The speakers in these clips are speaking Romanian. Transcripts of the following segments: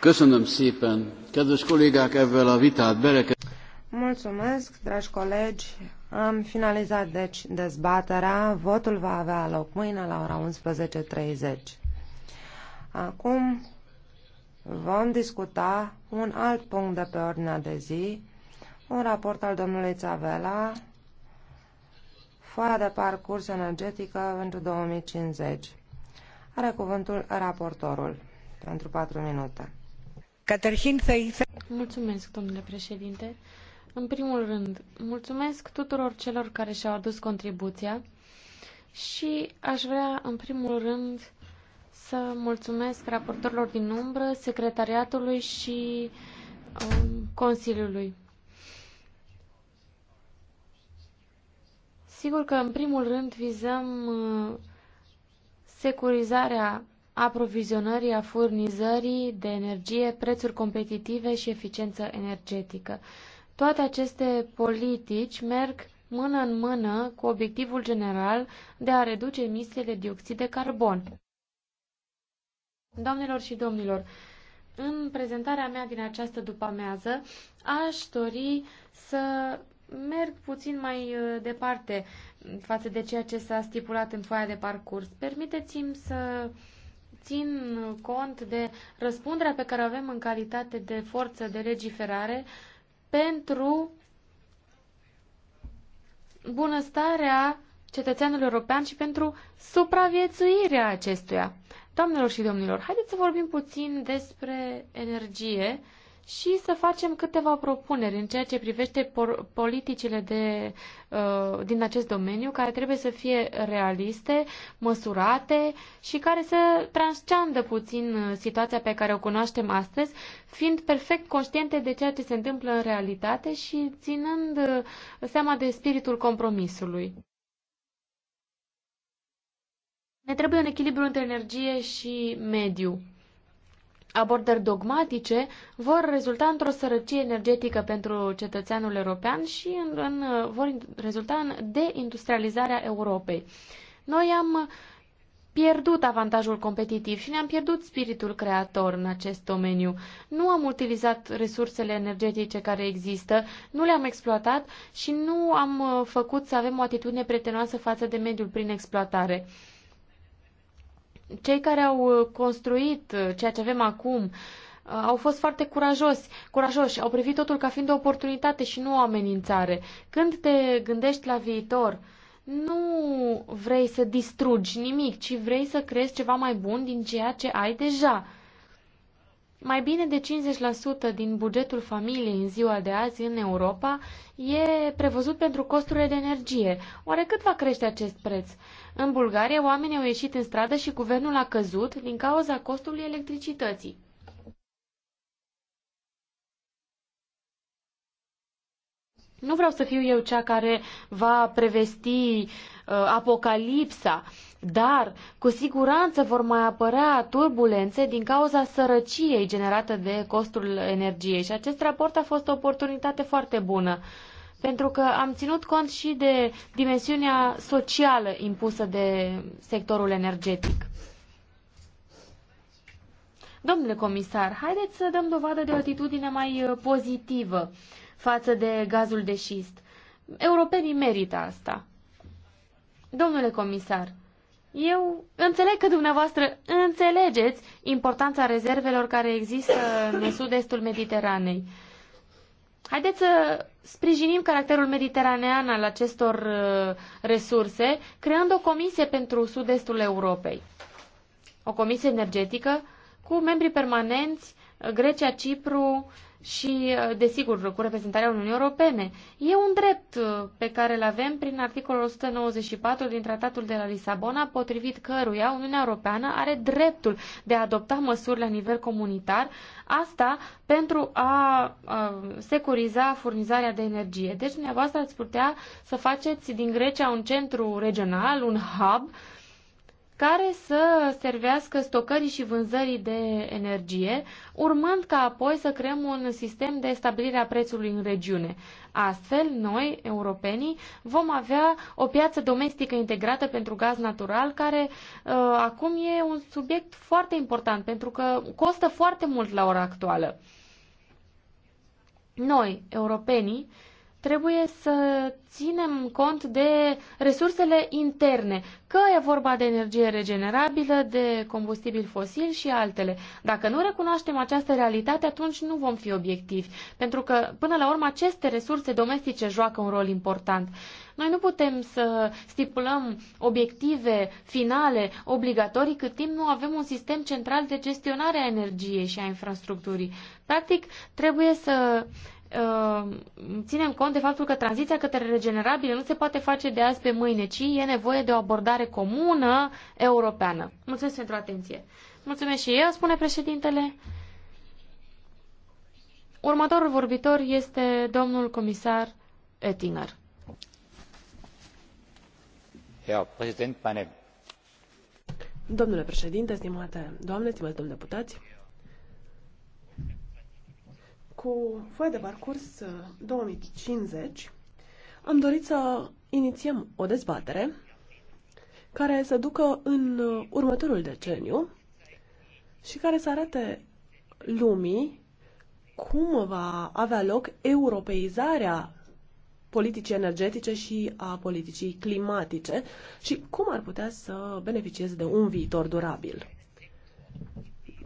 Köszönöm szépen. Kedves kollégák, ezzel a vitát bereket... Mulțumesc, dragi colegi. Am finalizat deci dezbaterea. Votul va avea loc mâine la ora 11.30. Acum vom discuta un alt punct de pe ordinea de zi, un raport al domnului Țavela, foaia de parcurs energetică pentru 2050. Are cuvântul raportorul pentru 4 minute. Mulțumesc, domnule președinte. În primul rând, mulțumesc tuturor celor care și-au adus contribuția și aș vrea, în primul rând, să mulțumesc raportorilor din umbră, secretariatului și um, Consiliului. Sigur că, în primul rând, vizăm uh, securizarea aprovizionării, a furnizării de energie, prețuri competitive și eficiență energetică. Toate aceste politici merg mână în mână cu obiectivul general de a reduce emisiile de dioxid de carbon. Doamnelor și domnilor, în prezentarea mea din această după-amiază, aș dori să merg puțin mai uh, departe față de ceea ce s-a stipulat în foaia de parcurs. Permiteți-mi să uh, țin cont de răspunderea pe care o avem în calitate de forță de legiferare pentru bunăstarea cetățeanului european și pentru supraviețuirea acestuia. Doamnelor și domnilor, haideți să vorbim puțin despre energie și să facem câteva propuneri în ceea ce privește politicile de, uh, din acest domeniu, care trebuie să fie realiste, măsurate și care să transceandă puțin uh, situația pe care o cunoaștem astăzi, fiind perfect conștiente de ceea ce se întâmplă în realitate și ținând uh, seama de spiritul compromisului. Ne trebuie un echilibru între energie și mediu abordări dogmatice vor rezulta într-o sărăcie energetică pentru cetățeanul european și în, în, vor rezulta în deindustrializarea Europei. Noi am pierdut avantajul competitiv și ne-am pierdut spiritul creator în acest domeniu. Nu am utilizat resursele energetice care există, nu le-am exploatat și nu am uh, făcut să avem o atitudine prietenoasă față de mediul prin exploatare cei care au uh, construit uh, ceea ce avem acum uh, au fost foarte curajoși, curajoși, au privit totul ca fiind o oportunitate și nu o amenințare. Când te gândești la viitor, nu vrei să distrugi nimic, ci vrei să crezi ceva mai bun din ceea ce ai deja. Mai bine de 50% din bugetul familiei în ziua de azi în Europa e prevăzut pentru costurile de energie. Oare cât va crește acest preț? În Bulgaria, oamenii au ieșit în stradă și guvernul a căzut din cauza costului electricității. Nu vreau să fiu eu cea care va prevesti uh, apocalipsa, uh, dar cu siguranță vor mai apărea turbulențe din cauza sărăciei generată de costul energiei și acest raport a fost o oportunitate foarte bună pentru că am ținut cont și de dimensiunea socială impusă de sectorul energetic. Domnule comisar, haideți să dăm dovadă de o atitudine mai uh, pozitivă față de gazul de șist. Europenii merită asta. Domnule comisar, eu înțeleg că dumneavoastră înțelegeți importanța rezervelor care există în sud-estul Mediteranei. Haideți să sprijinim caracterul mediteranean al acestor uh, resurse, creând o comisie pentru sud-estul Europei. O comisie energetică cu membri permanenți uh, Grecia, Cipru, și, uh, desigur, cu reprezentarea Uniunii Europene. E un drept uh, pe care îl avem prin articolul 194 din Tratatul de la Lisabona, potrivit căruia Uniunea Europeană are dreptul de a adopta măsuri la nivel comunitar, asta pentru a, securiza furnizarea de energie. Deci, dumneavoastră ați putea să faceți din Grecia un centru regional, un hub, care să servească stocării și vânzării de energie, urmând ca apoi să creăm un sistem de stabilire a prețului în regiune. Astfel, noi, europenii, vom avea o piață domestică integrată pentru gaz natural, care uh, acum e un subiect foarte important, pentru că costă foarte mult la ora actuală. Noi, europenii, uh, trebuie să ținem cont de resursele interne, că e vorba de energie regenerabilă, de combustibil fosil și altele. Dacă nu recunoaștem această realitate, atunci nu vom fi obiectivi, pentru că, până la urmă, aceste resurse domestice joacă un rol important. Noi nu putem să stipulăm obiective finale obligatorii cât timp nu avem un sistem central de gestionare a energiei și a infrastructurii. Practic, trebuie să Uh, ținem cont de faptul că tranziția către regenerabile nu se poate face de azi pe mâine, ci e nevoie de o abordare comună europeană. Mulțumesc pentru atenție. Mulțumesc și eu, spune președintele. Următorul vorbitor este domnul comisar Ettinger. Oettinger. Domnule președinte, stimate doamne, stimați domn deputați, cu foaia de parcurs 2050, uh, am dorit să inițiem o dezbatere care să ducă în uh, următorul deceniu și care să arate lumii cum va avea loc europeizarea politicii energetice și a politicii climatice și cum ar putea să beneficieze de un viitor durabil.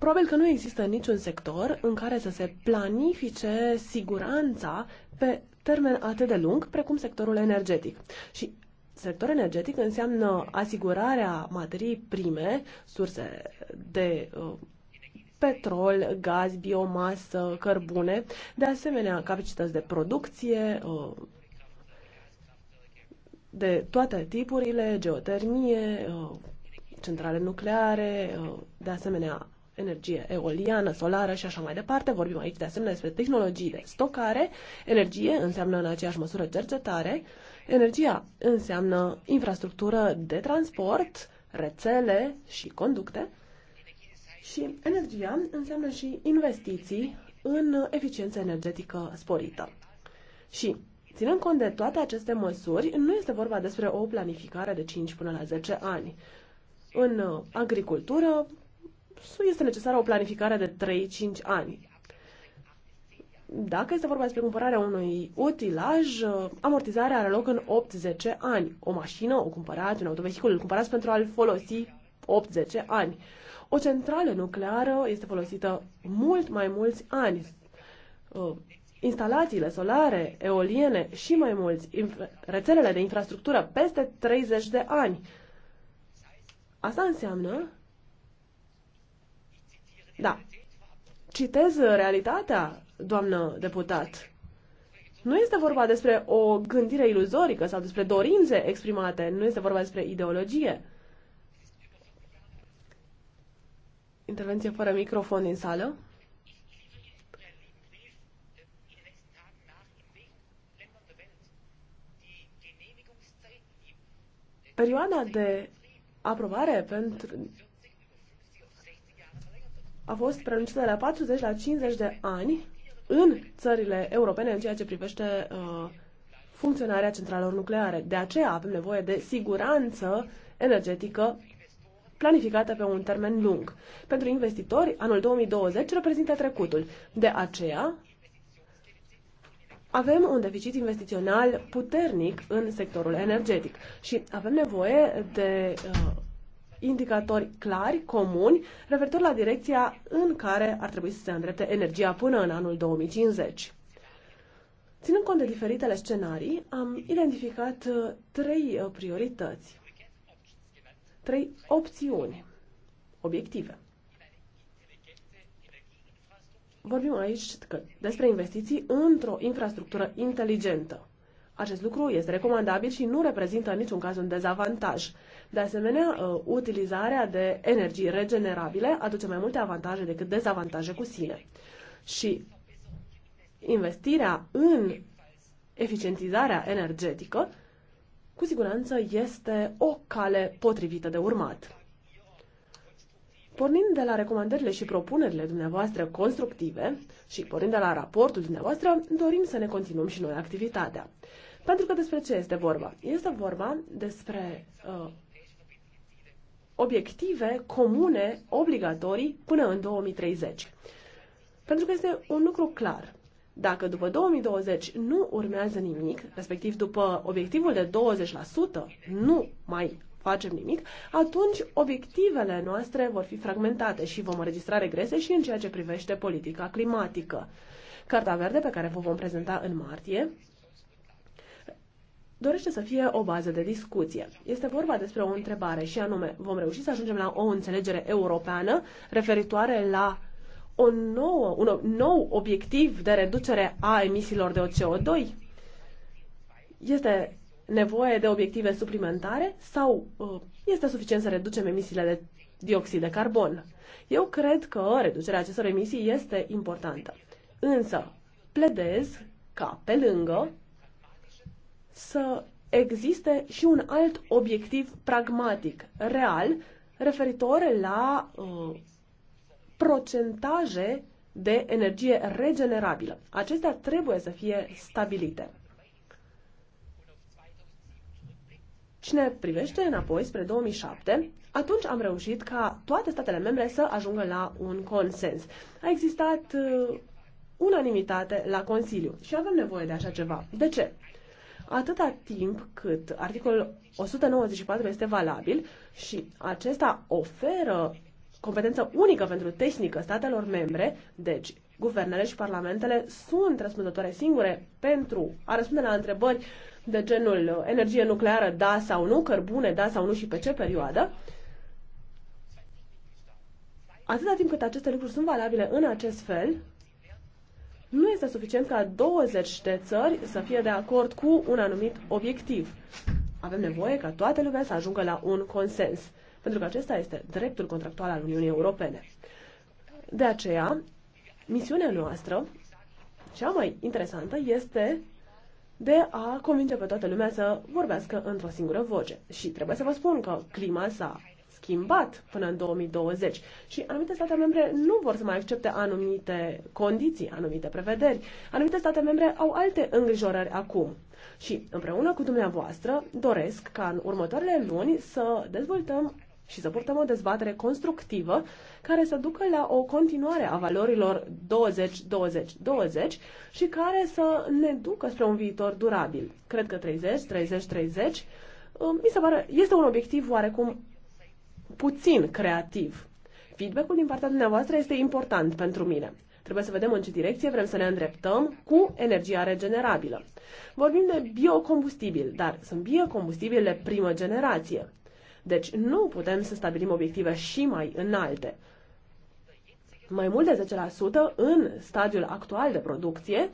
Probabil că nu există niciun sector în care să se planifice siguranța pe termen atât de lung precum sectorul energetic. Și sector energetic înseamnă asigurarea materii prime, surse de uh, petrol, gaz, biomasă, cărbune, de asemenea capacități de producție, uh, de toate tipurile, geotermie, uh, centrale nucleare, de asemenea energie eoliană, solară și așa mai departe. Vorbim aici de asemenea despre tehnologii de stocare. Energie înseamnă în aceeași măsură cercetare. Energia înseamnă infrastructură de transport, rețele și conducte. Și energia înseamnă și investiții în eficiență energetică sporită. Și Ținând cont de toate aceste măsuri, nu este vorba despre o planificare de 5 până la 10 ani. În agricultură, este necesară o planificare de 3-5 ani. Dacă este vorba despre cumpărarea unui utilaj, amortizarea are loc în 8-10 ani. O mașină o cumpărați, un autovehicul îl cumpărați pentru a-l folosi 8-10 ani. O centrală nucleară este folosită mult mai mulți ani. Uh, instalațiile solare, eoliene și mai mulți, rețelele de infrastructură peste 30 de ani. Asta înseamnă da. Citez realitatea, doamnă deputat. Nu este vorba despre o gândire iluzorică sau despre dorințe exprimate, nu este vorba despre ideologie. Intervenție fără microfon din sală. Perioada de aprobare pentru a fost prelungită de la 40 la 50 de ani în țările europene în ceea ce privește uh, funcționarea centralelor nucleare. De aceea avem nevoie de siguranță energetică planificată pe un termen lung. Pentru investitori, anul 2020 reprezintă trecutul. De aceea, avem un deficit investițional puternic în sectorul energetic și avem nevoie de uh, indicatori clari, comuni, referitor la direcția în care ar trebui să se îndrepte energia până în anul 2050. Ținând cont de diferitele scenarii, am identificat uh, trei uh, priorități, trei opțiuni, obiective. Vorbim aici despre investiții într-o infrastructură inteligentă. Acest lucru este recomandabil și nu reprezintă în niciun caz un dezavantaj. De asemenea, uh, utilizarea de energii regenerabile aduce mai multe avantaje decât dezavantaje cu sine. Și investirea în eficientizarea energetică cu siguranță este o cale potrivită de urmat. Pornind de la recomandările și propunerile dumneavoastră constructive și pornind de la raportul dumneavoastră, dorim să ne continuăm și noi activitatea. Pentru că despre ce este vorba? Este vorba despre uh, obiective comune, obligatorii, până în 2030. Pentru că este un lucru clar. Dacă după 2020 nu urmează nimic, respectiv după obiectivul de 20% nu mai facem nimic, atunci obiectivele noastre vor fi fragmentate și vom înregistra regrese și în ceea ce privește politica climatică. Carta verde pe care vă vom prezenta în martie dorește să fie o bază de discuție. Este vorba despre o întrebare și anume, vom reuși să ajungem la o înțelegere europeană referitoare la o nouă, un nou obiectiv de reducere a emisiilor de CO2? Este nevoie de obiective suplimentare sau uh, este suficient să reducem emisiile de dioxid de carbon? Eu cred că reducerea acestor emisii este importantă. Însă, pledez ca pe lângă să existe și un alt obiectiv pragmatic, real, referitor la uh, procentaje de energie regenerabilă. Acestea trebuie să fie stabilite. Cine privește înapoi spre 2007, atunci am reușit ca toate statele membre să ajungă la un consens. A existat uh, unanimitate la Consiliu și avem nevoie de așa ceva. De ce? atâta timp cât articolul 194 este valabil și acesta oferă competență unică pentru tehnică statelor membre, deci guvernele și parlamentele sunt răspunzătoare singure pentru a răspunde la întrebări de genul uh, energie nucleară, da sau nu, cărbune, da sau nu și pe ce perioadă. Atâta timp cât aceste lucruri sunt valabile în acest fel, nu este suficient ca 20 de țări să fie de acord cu un anumit obiectiv. Avem nevoie ca toată lumea să ajungă la un consens, pentru că acesta este dreptul contractual al Uniunii Europene. De aceea, misiunea noastră, cea mai interesantă, este de a convinge pe toată lumea să vorbească într-o singură voce. Și trebuie să vă spun că clima s-a schimbat până în 2020 și anumite state membre nu vor să mai accepte anumite condiții, anumite prevederi. Anumite state membre au alte îngrijorări acum. Și împreună cu dumneavoastră doresc ca în următoarele luni să dezvoltăm și să purtăm o dezbatere constructivă care să ducă la o continuare a valorilor 20-20-20 și care să ne ducă spre un viitor durabil. Cred că 30-30-30 uh, mi se pare, este un obiectiv oarecum puțin creativ. Feedback-ul din partea dumneavoastră este important pentru mine. Trebuie să vedem în ce direcție vrem să ne îndreptăm cu energia regenerabilă. Vorbim de biocombustibil, dar sunt biocombustibili de primă generație. Deci nu putem să stabilim obiective și mai înalte. Mai mult de 10% în stadiul actual de producție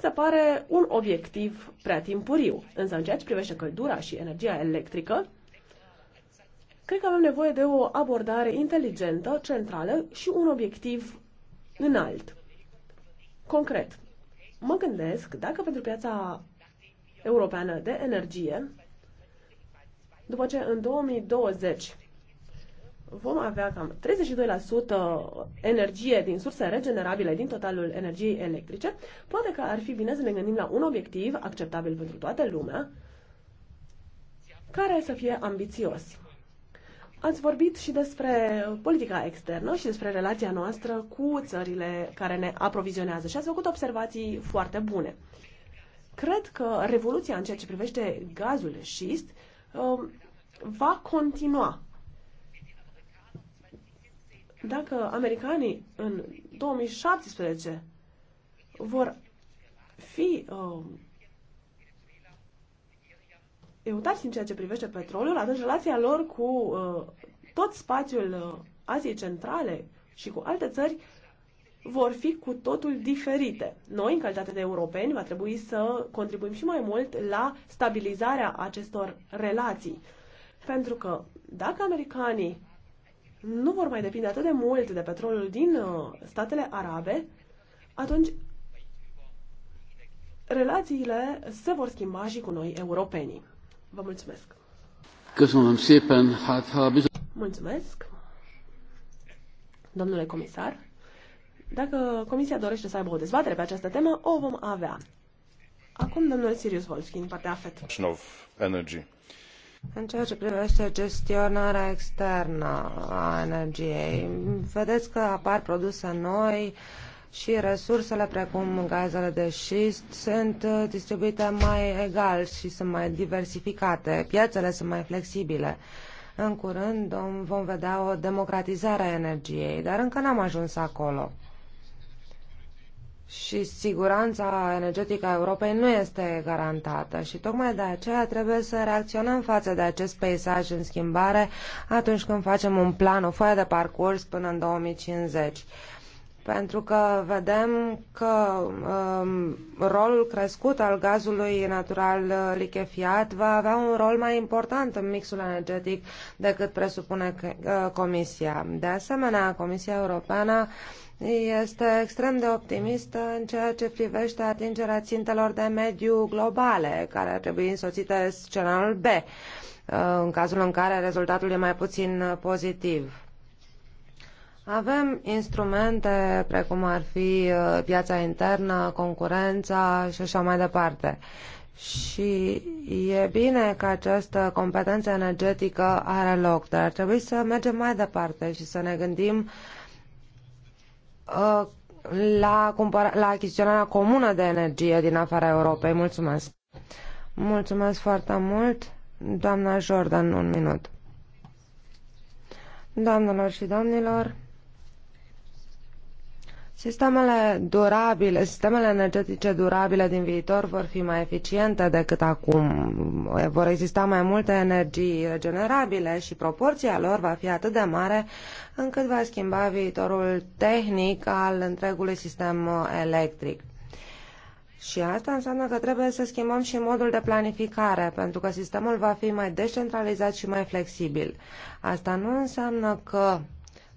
se pare un obiectiv prea timpuriu. Însă în ceea ce privește căldura și energia electrică, Cred că avem nevoie de o abordare inteligentă, centrală și un obiectiv înalt. Concret, mă gândesc dacă pentru piața europeană de energie, după ce în 2020 vom avea cam 32% energie din surse regenerabile din totalul energiei electrice, poate că ar fi bine să ne gândim la un obiectiv acceptabil pentru toată lumea, care să fie ambițios. Ați vorbit și despre politica externă și despre relația noastră cu țările care ne aprovizionează și ați făcut observații foarte bune. Cred că revoluția în ceea ce privește gazul șist um, va continua. Dacă americanii în 2017 vor fi um, eutarhi în ceea ce privește petrolul, atunci relația lor cu uh, tot spațiul uh, Aziei Centrale și cu alte țări vor fi cu totul diferite. Noi, în calitate de europeni, va trebui să contribuim și mai mult la stabilizarea acestor relații. Pentru că dacă americanii nu vor mai depinde atât de mult de petrolul din uh, statele arabe, atunci relațiile se vor schimba și cu noi europenii. Vă mulțumesc! Mulțumesc! Domnule comisar, dacă comisia dorește să aibă o dezbatere pe această temă, o vom avea. Acum, domnul Sirius Volski, din partea AFET. Energy. În ceea ce privește gestionarea externă a energiei, vedeți că apar produse noi, uh, și resursele precum gazele de șist sunt uh, distribuite mai egal și sunt mai diversificate, piețele sunt mai flexibile. În curând vom vedea o democratizare a energiei, dar încă n-am ajuns acolo. Și siguranța energetică a Europei nu este garantată și tocmai de aceea trebuie să reacționăm față de acest peisaj în schimbare atunci când facem un plan, o foaie de parcurs până în 2050 pentru că vedem că um, rolul crescut al gazului natural uh, lichefiat va avea un rol mai important în mixul energetic decât presupune uh, Comisia. De asemenea, Comisia Europeană este extrem de optimistă în ceea ce privește atingerea țintelor de mediu globale, care ar trebui însoțite scenariul B, uh, în cazul în care rezultatul e mai puțin pozitiv avem instrumente precum ar fi uh, piața internă, concurența și așa mai departe. Și e bine că această competență energetică are loc, dar ar trebui să mergem mai departe și să ne gândim uh, la, la achiziționarea comună de energie din afara Europei. Mulțumesc! Mulțumesc foarte mult! Doamna Jordan, un minut. Doamnelor și domnilor, Sistemele durabile, sistemele energetice durabile din viitor vor fi mai eficiente decât acum. Vor exista mai multe energii regenerabile și proporția lor va fi atât de mare încât va schimba viitorul tehnic al întregului sistem electric. Și asta înseamnă că trebuie să schimbăm și modul de planificare, pentru că sistemul va fi mai descentralizat și mai flexibil. Asta nu înseamnă că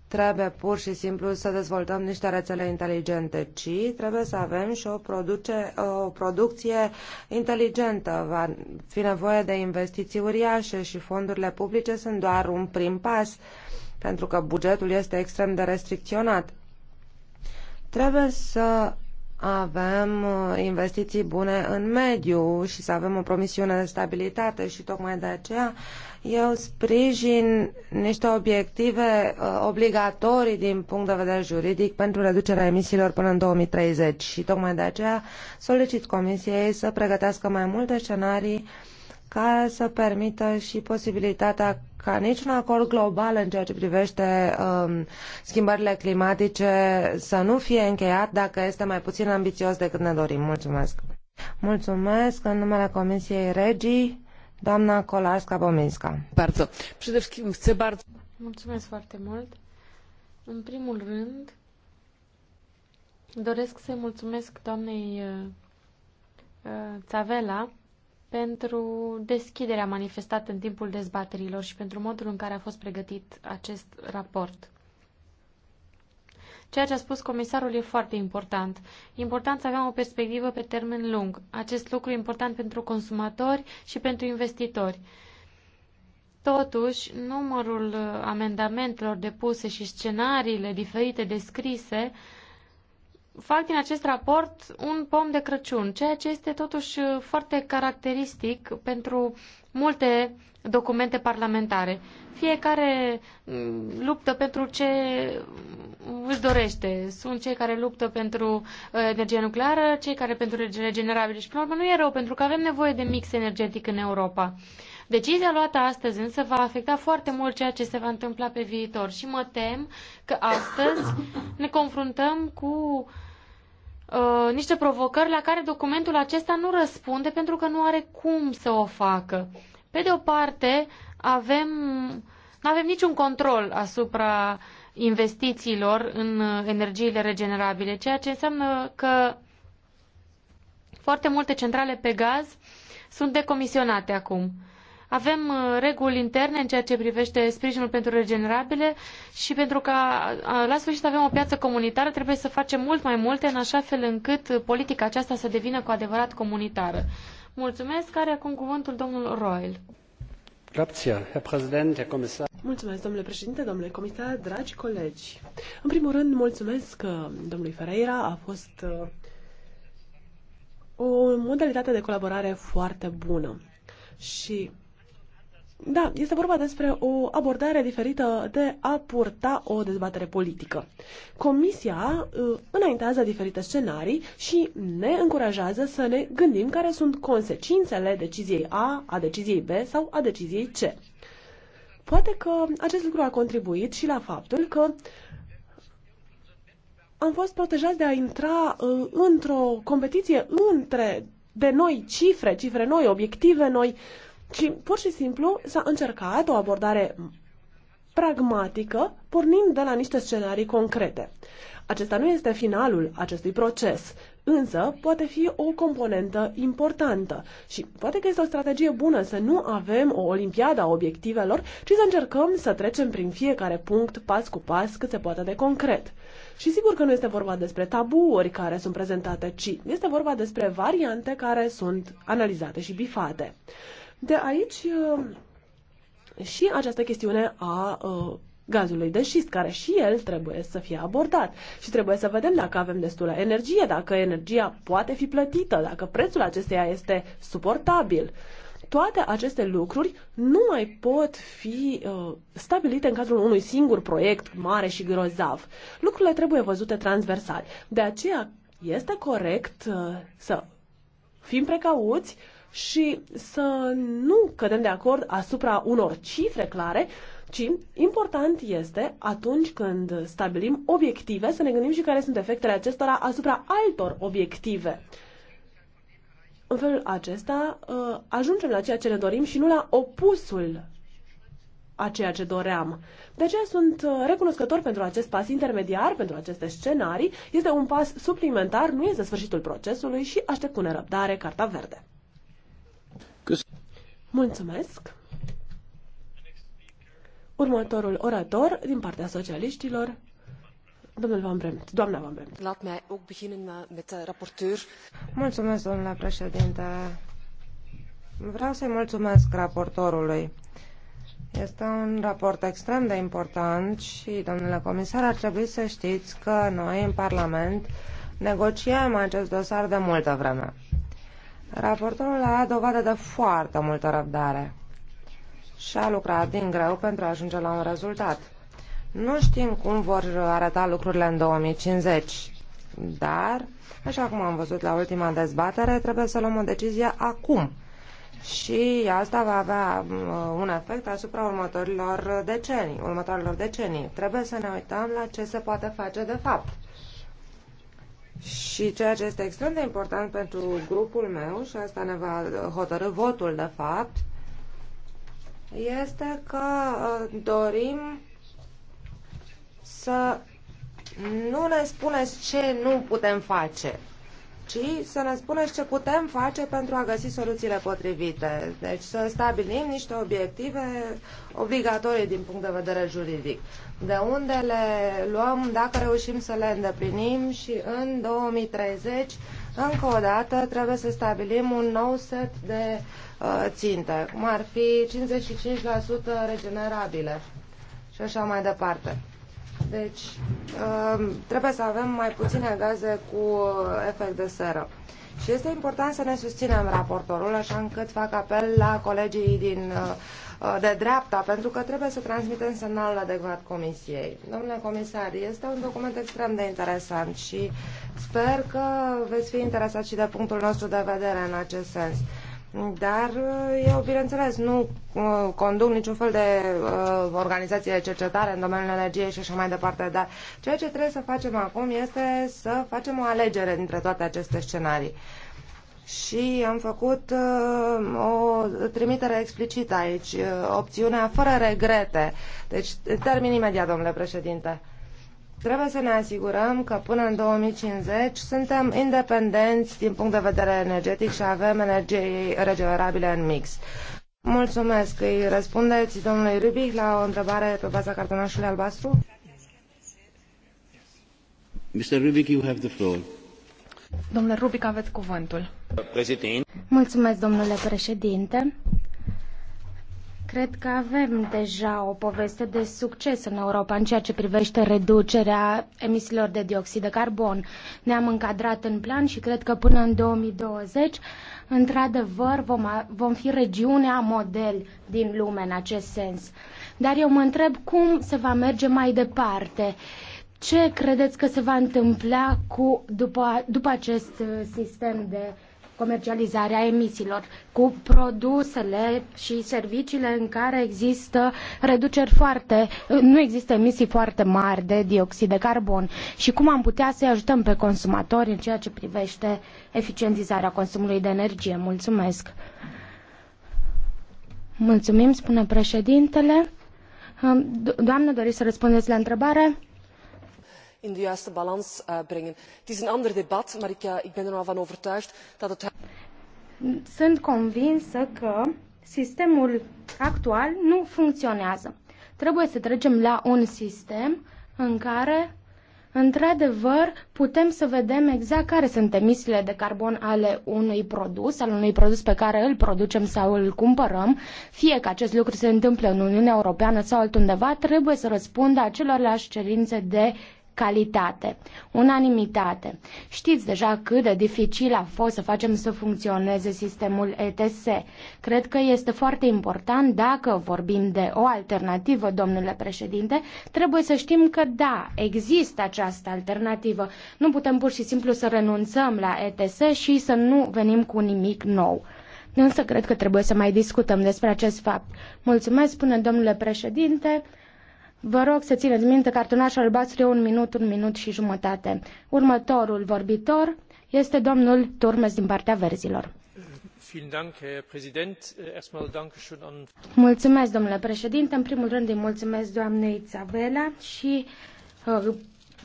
trebuie pur și simplu să dezvoltăm niște rețele inteligente, ci trebuie să avem și o, produce, o producție inteligentă. Va fi nevoie de investiții uriașe și fondurile publice sunt doar un prim pas, pentru că bugetul este extrem de restricționat. Trebuie să avem uh, investiții bune în mediu și să avem o promisiune de stabilitate și tocmai de aceea uh, eu sprijin niște obiective uh, obligatorii din punct de vedere juridic pentru reducerea emisiilor până în 2030 și tocmai de aceea solicit Comisiei să pregătească mai multe scenarii care să permită și posibilitatea ca niciun acord global în ceea ce privește um, schimbările climatice să nu fie încheiat dacă este mai puțin ambițios decât ne dorim. Mulțumesc! Mulțumesc în numele Comisiei Regii. Doamna Kolarska Bominska. Bardzo. Przede wszystkim chcę bardzo... Mulțumesc foarte mult. În primul rând, doresc să mulțumesc doamnei uh, uh, Țavela pentru deschiderea manifestată în timpul dezbaterilor și pentru modul în care a fost pregătit acest raport. Ceea ce a spus comisarul e foarte important. Important să avem o perspectivă pe termen lung. Acest lucru e important pentru consumatori și pentru investitori. Totuși, numărul uh, amendamentelor depuse și scenariile diferite descrise fac din acest raport un pom de Crăciun, ceea ce este totuși uh, foarte caracteristic pentru multe documente parlamentare. Fiecare mm, luptă pentru ce își dorește. Sunt cei care luptă pentru uh, energie nucleară, cei care pentru regenerabile și, până la urmă, nu e rău, pentru că avem nevoie de mix energetic în Europa. Decizia luată astăzi însă va afecta foarte mult ceea ce se va întâmpla pe viitor și mă tem că astăzi ne confruntăm cu uh, niște provocări la care documentul acesta nu răspunde pentru că nu are cum să o facă. Pe de o parte, uh, avem, nu avem niciun control asupra investițiilor în energiile regenerabile, ceea ce înseamnă că foarte multe centrale pe gaz sunt decomisionate acum. Avem uh, reguli interne în ceea ce privește sprijinul pentru regenerabile și pentru că la sfârșit avem o piață comunitară, trebuie să facem mult mai multe în așa fel încât politica aceasta să devină cu adevărat comunitară. Mulțumesc, are acum cuvântul domnul Royal. Mulțumesc, domnule președinte, domnule comisar, dragi colegi. În primul rând, mulțumesc că uh, domnului Ferreira, a fost uh, o modalitate de colaborare foarte bună. Și da, este vorba despre o abordare diferită de a purta o dezbatere politică. Comisia uh, înaintează diferite scenarii și ne încurajează să ne gândim care sunt consecințele deciziei A, a deciziei B sau a deciziei C. Poate că acest lucru a contribuit și la faptul că am fost protejați de a intra uh, într-o competiție între de noi cifre, cifre noi, obiective noi, uh, ci pur și simplu s-a încercat o abordare pragmatică, pornind de la niște scenarii concrete. Acesta nu este finalul acestui proces, însă poate fi o componentă importantă și poate că este o strategie bună să nu avem o olimpiadă a obiectivelor, ci să încercăm să trecem prin fiecare punct pas cu pas cât se poate de concret. Și sigur că nu este vorba despre tabuuri care sunt prezentate, ci este vorba despre variante care sunt analizate și bifate. De aici uh, și această chestiune a uh, gazului de șist, care și el trebuie să fie abordat. Și trebuie să vedem dacă avem destulă energie, dacă energia poate fi plătită, dacă prețul acesteia este suportabil. Toate aceste lucruri nu mai pot fi uh, stabilite în cadrul unui singur proiect mare și grozav. Lucrurile trebuie văzute transversal. De aceea este corect uh, să fim precauți uh, și să nu cădem de acord asupra unor cifre clare, ci important este atunci când stabilim obiective să ne gândim și care sunt efectele acestora asupra altor obiective. În felul acesta uh, ajungem la ceea ce ne dorim și nu la opusul a ceea ce doream. De aceea sunt uh, recunoscător pentru acest pas intermediar, pentru aceste scenarii. Este un pas suplimentar, nu este sfârșitul procesului și aștept cu nerăbdare Carta Verde. Mulțumesc! Următorul orator din partea socialiștilor, domnul Van Bremt, doamna Van Bremt. Laat mij ook beginnen eh, met de rapporteur. Mulțumesc, domnule președinte. Vreau să-i mulțumesc raportorului. Este un raport extrem de important și, domnule comisar, ar trebui să știți că noi în Parlament negociem acest dosar de multă vreme. Raportorul a dovadă de foarte multă răbdare și a lucrat din greu pentru a ajunge la un rezultat. Nu știm cum vor arăta lucrurile în 2050, dar, așa cum am văzut la ultima dezbatere, trebuie să luăm o decizie acum. Și asta va avea uh, un efect asupra următorilor decenii. Următorilor decenii. Trebuie să ne uităm la ce se poate face de fapt. Și ceea ce este extrem de important pentru grupul meu, și asta ne va hotărâ votul de fapt, este că uh, dorim să nu ne spuneți ce nu putem face, ci să ne spuneți ce putem face pentru a găsi soluțiile potrivite. Deci să stabilim niște obiective obligatorii din punct de vedere juridic de unde le luăm dacă reușim să le îndeplinim și în 2030, încă o dată, trebuie să stabilim un nou set de uh, ținte, cum ar fi 55% regenerabile și așa mai departe. Deci, uh, trebuie să avem mai puține gaze cu uh, efect de seră. Și este important să ne susținem raportorul, așa încât fac apel la colegii din, uh, de dreapta, pentru că trebuie să transmitem semnalul adecvat Comisiei. Domnule comisar, este un document extrem de interesant și sper că veți fi interesat și de punctul nostru de vedere în acest sens. Dar uh, eu, bineînțeles, nu uh, conduc niciun fel de uh, organizație de cercetare în domeniul energiei și așa mai departe, dar ceea ce trebuie să facem acum este să facem o alegere dintre toate aceste scenarii. Și am făcut uh, o trimitere explicită aici, uh, opțiunea fără regrete. Deci, termin imediat, domnule președinte. Uh, Trebuie să ne asigurăm că până în 2050 suntem independenți din punct de vedere energetic și avem energie regenerabile în mix. Mulțumesc. Îi răspundeți domnului Rubic la o întrebare pe baza cartonașului albastru? Mr. Rubic, you have the floor. Domnule Rubic, aveți cuvântul. Președinte. Mulțumesc, domnule președinte. Cred că avem deja o poveste de succes în Europa în ceea ce privește reducerea emisiilor de dioxid de carbon. Ne-am încadrat în plan și cred că până în 2020, într-adevăr, vom, vom fi regiunea model din lume în acest sens. Dar eu mă întreb cum se va merge mai departe. Ce credeți că se va întâmpla cu, după, după acest uh, sistem de comercializarea emisiilor, cu produsele și serviciile în care există reduceri foarte, nu există emisii foarte mari de dioxid de carbon și cum am putea să-i ajutăm pe consumatori în ceea ce privește eficientizarea consumului de energie. Mulțumesc! Mulțumim, spune președintele. Doamnă, doriți să răspundeți la întrebare? in de juiste balans eh, brengen. het is een ander debat maar ik eh, ben ervan van overtuigd dat het. sunt convinsă că sistemul actual nu funcționează. Trebuie să trecem la un sistem în care Într-adevăr, putem să vedem exact care sunt emisiile de carbon ale unui produs, al unui produs pe care îl producem sau îl cumpărăm. Fie că acest lucru se întâmplă în Uniunea Europeană sau altundeva, trebuie să răspundă acelorlași cerințe de calitate, unanimitate. Știți deja cât de dificil a fost să facem să funcționeze sistemul ETS. Cred că este foarte important, dacă vorbim de o alternativă, domnule președinte, trebuie să știm că da, există această alternativă. Nu putem pur și simplu să renunțăm la ETS și să nu venim cu nimic nou. Însă cred că trebuie să mai discutăm despre acest fapt. Mulțumesc, spune domnule președinte. Vă rog să țineți minte, cartonașul albastru e un minut, un minut și jumătate. Următorul vorbitor este domnul Turmes din partea verzilor. Mulțumesc, domnule președinte. În primul rând îi mulțumesc doamnei Țavela și uh,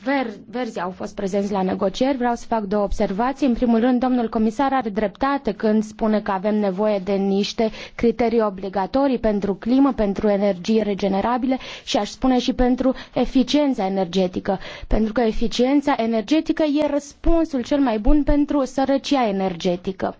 ver, verzi au fost prezenți la negocieri, vreau să fac două observații. În primul rând, domnul comisar are dreptate când spune că avem nevoie de niște criterii obligatorii pentru climă, pentru energie regenerabile și aș spune și pentru eficiența energetică. Pentru că eficiența energetică e răspunsul cel mai bun pentru sărăcia energetică.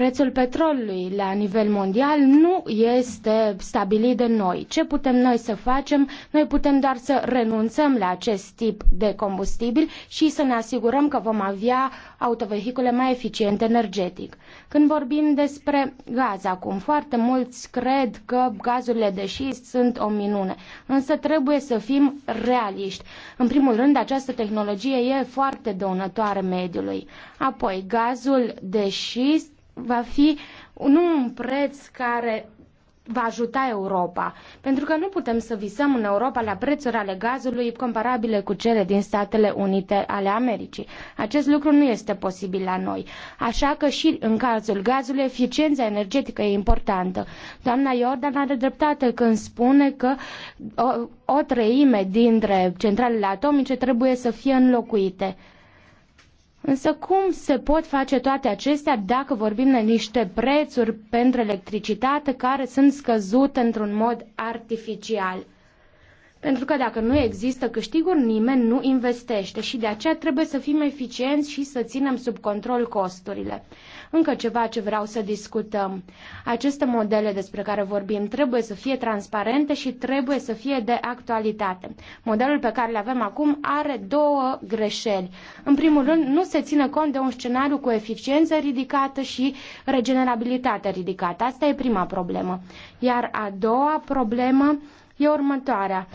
Prețul petrolului la nivel mondial nu este stabilit de noi. Ce putem noi să facem? Noi putem doar să renunțăm la acest tip de combustibil și să ne asigurăm că vom avea autovehicule mai eficiente energetic. Când vorbim despre gaz acum, foarte mulți cred că gazurile de sunt o minune, însă trebuie să fim realiști. În primul rând, această tehnologie e foarte dăunătoare mediului. Apoi, gazul de va fi nu un preț care va ajuta Europa. Pentru că nu putem să visăm în Europa la prețuri ale gazului comparabile cu cele din Statele Unite ale Americii. Acest lucru nu este posibil la noi. Așa că și în cazul gazului eficiența energetică e importantă. Doamna Iordan are dreptate când spune că o, o treime dintre centralele atomice trebuie să fie înlocuite. Însă cum se pot face toate acestea dacă vorbim de niște prețuri pentru electricitate care sunt scăzute într-un mod artificial? Pentru că dacă nu există câștiguri, nimeni nu investește și de aceea trebuie să fim eficienți și să ținem sub control costurile. Încă ceva ce vreau să discutăm. Aceste modele despre care vorbim trebuie să fie transparente și trebuie să fie de actualitate. Modelul pe care le avem acum are două greșeli. În primul rând, nu se ține cont de un scenariu cu eficiență ridicată și regenerabilitate ridicată. Asta e prima problemă. Iar a doua problemă e următoarea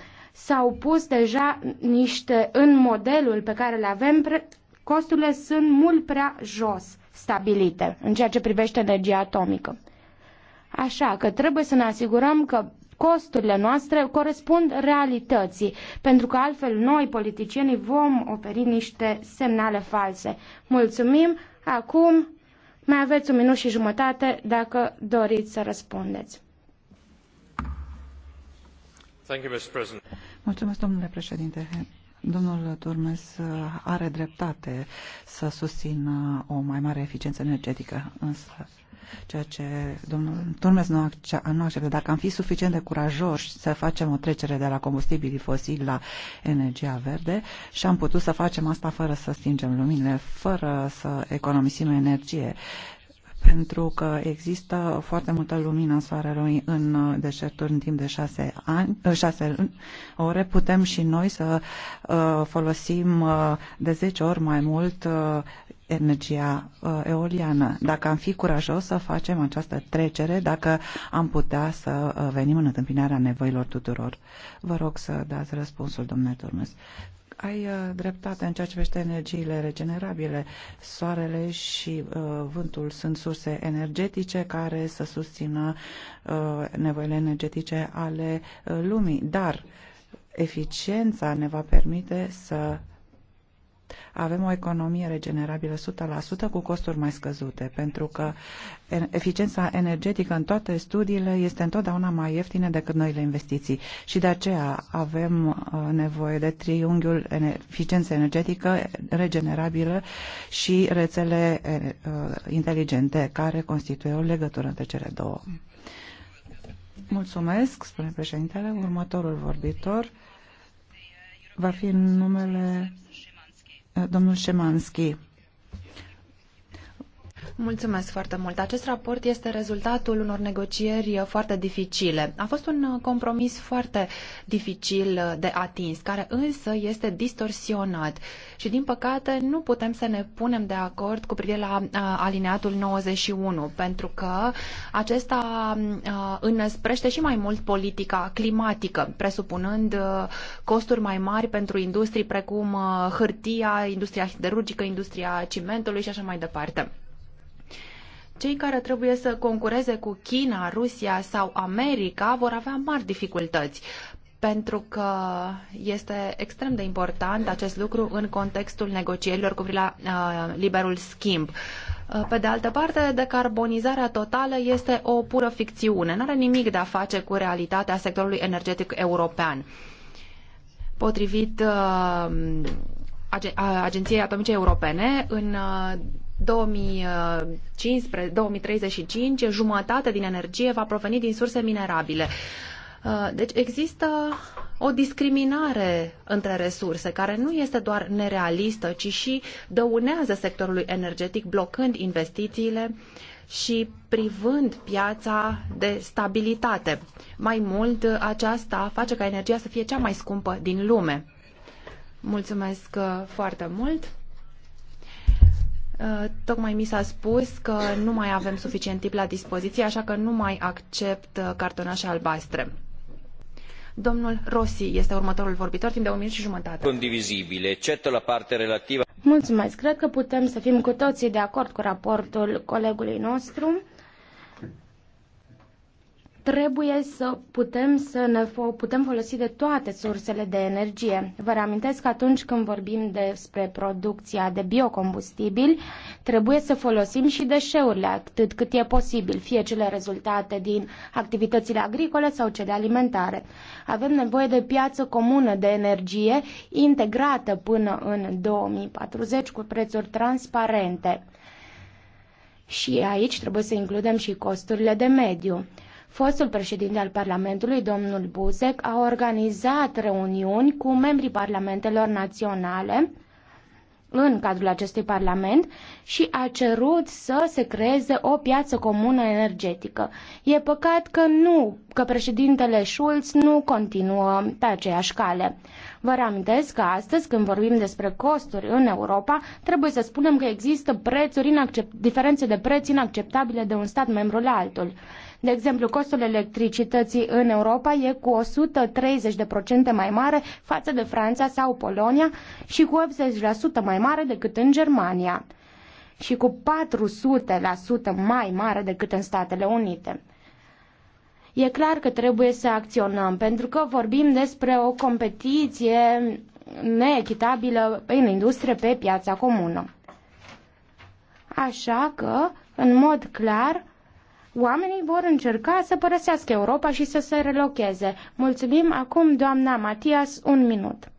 s-au pus deja niște, în modelul pe care le avem, costurile sunt mult prea jos stabilite în ceea ce privește energia atomică. Așa că trebuie să ne asigurăm că costurile noastre corespund realității, pentru că altfel noi, politicienii, vom oferi niște semnale false. Mulțumim! Acum mai aveți un minut și jumătate dacă doriți să răspundeți. Thank you, Mr. President. Mulțumesc, domnule președinte. Domnul Turmes are dreptate să susțină o mai mare eficiență energetică, însă ceea ce domnul Turmes nu, acceptă, nu acceptă. Dacă am fi suficient de curajoși să facem o trecere de la combustibilii fosili la energia verde și am putut să facem asta fără să stingem luminile, fără să economisim energie pentru că există foarte multă lumină soarelui în uh, deșerturi în timp de șase, ani, uh, șase ore. Putem și noi să uh, folosim de 10 ori mai mult energia eoliană. Dacă am fi curajos să facem această trecere, dacă am putea să venim în întâmpinarea nevoilor tuturor. Vă rog să dați răspunsul, domnule Turmes ai uh, dreptate în ceea ce privește energiile regenerabile. Soarele și uh, vântul sunt surse energetice care să susțină uh, nevoile energetice ale uh, lumii, dar eficiența ne va permite să avem o economie regenerabilă 100% cu costuri mai scăzute, pentru că eficiența energetică în toate studiile este întotdeauna mai ieftină decât noile investiții și de aceea avem uh, nevoie de triunghiul eficiență energetică regenerabilă și rețele uh, inteligente care constituie o legătură între cele două. Mulțumesc, spune președintele. Următorul vorbitor va fi numele domnul Șemanski. Mulțumesc foarte mult. Acest raport este rezultatul unor negocieri uh, foarte dificile. A fost un uh, compromis foarte dificil uh, de atins, care însă este distorsionat. Și din păcate nu putem să ne punem de acord cu privire la alineatul 91, pentru că acesta um, înăsprește și mai mult politica climatică, presupunând costuri mai mari pentru industrii precum hârtia, industria siderurgică, industria cimentului și așa mai departe. Cei care trebuie să concureze cu China, Rusia sau America vor avea mari dificultăți pentru că este extrem de important acest lucru în contextul negocierilor cu privire la uh, liberul schimb. Uh, pe de altă parte, decarbonizarea totală este o pură ficțiune, nu are nimic de a face cu realitatea sectorului energetic european. Potrivit uh, Agenției Atomice Europene, în uh, 2015, 2035, jumătate din energie va proveni din surse minerabile. Uh, deci există o discriminare între resurse care nu este doar nerealistă, ci și dăunează sectorului energetic, blocând investițiile și privând piața de stabilitate. Mai mult, aceasta face ca energia să fie cea mai scumpă din lume. Mulțumesc uh, foarte mult! Uh, tocmai mi s-a spus că nu mai avem suficient timp la dispoziție, așa că nu mai accept uh, cartonașe albastre. Domnul Rossi este următorul vorbitor, timp de o minut și jumătate. Condivizibile, excepto la parte relativă. Mulțumesc. Cred că putem să fim cu toții de acord cu raportul colegului nostru. Trebuie să putem să ne fo- putem folosi de toate sursele de energie. Vă reamintesc că atunci când vorbim despre producția de biocombustibili, trebuie să folosim și deșeurile atât cât e posibil, fie cele rezultate din activitățile agricole sau cele alimentare. Avem nevoie de piață comună de energie integrată până în 2040 cu prețuri transparente. Și aici trebuie să includem și costurile de mediu. Fostul președinte al Parlamentului, domnul Buzek, a organizat reuniuni cu membrii parlamentelor naționale în cadrul acestui parlament și a cerut să se creeze o piață comună energetică. E păcat că nu, că președintele Schulz nu continuă pe aceeași cale. Vă reamintesc că astăzi, când vorbim despre costuri în Europa, trebuie să spunem că există prețuri inaccept- diferențe de preț inacceptabile de un stat membru la altul. De exemplu, costul electricității în Europa e cu 130% mai mare față de Franța sau Polonia și cu 80% mai mare decât în Germania și cu 400% mai mare decât în Statele Unite. E clar că trebuie să acționăm, pentru că vorbim despre o competiție neechitabilă în industrie pe piața comună. Așa că, în mod clar, Oamenii vor încerca să părăsească Europa și să se relocheze. Mulțumim acum, doamna Matias, un minut.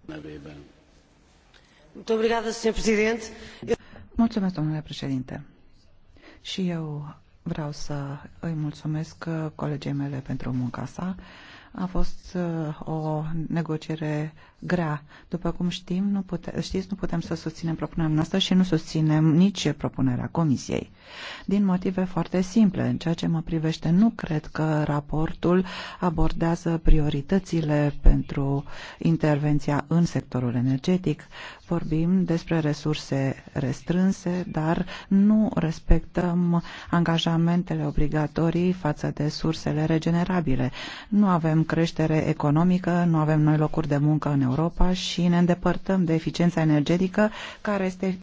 Mulțumesc, domnule președinte. Și eu vreau să îi mulțumesc colegii mele pentru munca sa. A fost uh, o negociere grea. După cum știm, nu pute, știți, nu putem să susținem propunerea noastră și nu susținem nici propunerea Comisiei. Din motive foarte simple, în ceea ce mă privește, nu cred că raportul abordează prioritățile pentru intervenția în sectorul energetic. Vorbim despre resurse restrânse, dar nu respectăm angajamentele obligatorii față de sursele regenerabile. Nu avem creștere economică, nu avem noi locuri de muncă în Europa Europa și ne îndepărtăm de eficiența energetică care este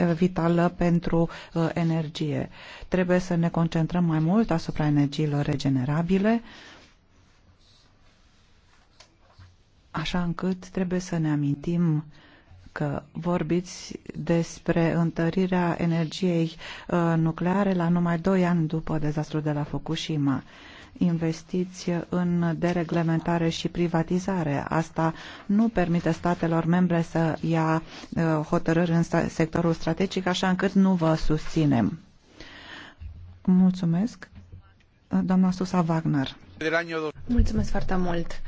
uh, vitală pentru uh, energie. Trebuie să ne concentrăm mai mult asupra energiilor regenerabile, așa încât trebuie să ne amintim că vorbiți despre întărirea energiei uh, nucleare la numai doi ani după dezastrul de la Fukushima investiți în dereglementare și privatizare. Asta nu permite statelor membre să ia uh, hotărâri în sectorul strategic, așa încât nu vă susținem. Mulțumesc. Doamna Susa Wagner. Mulțumesc foarte mult.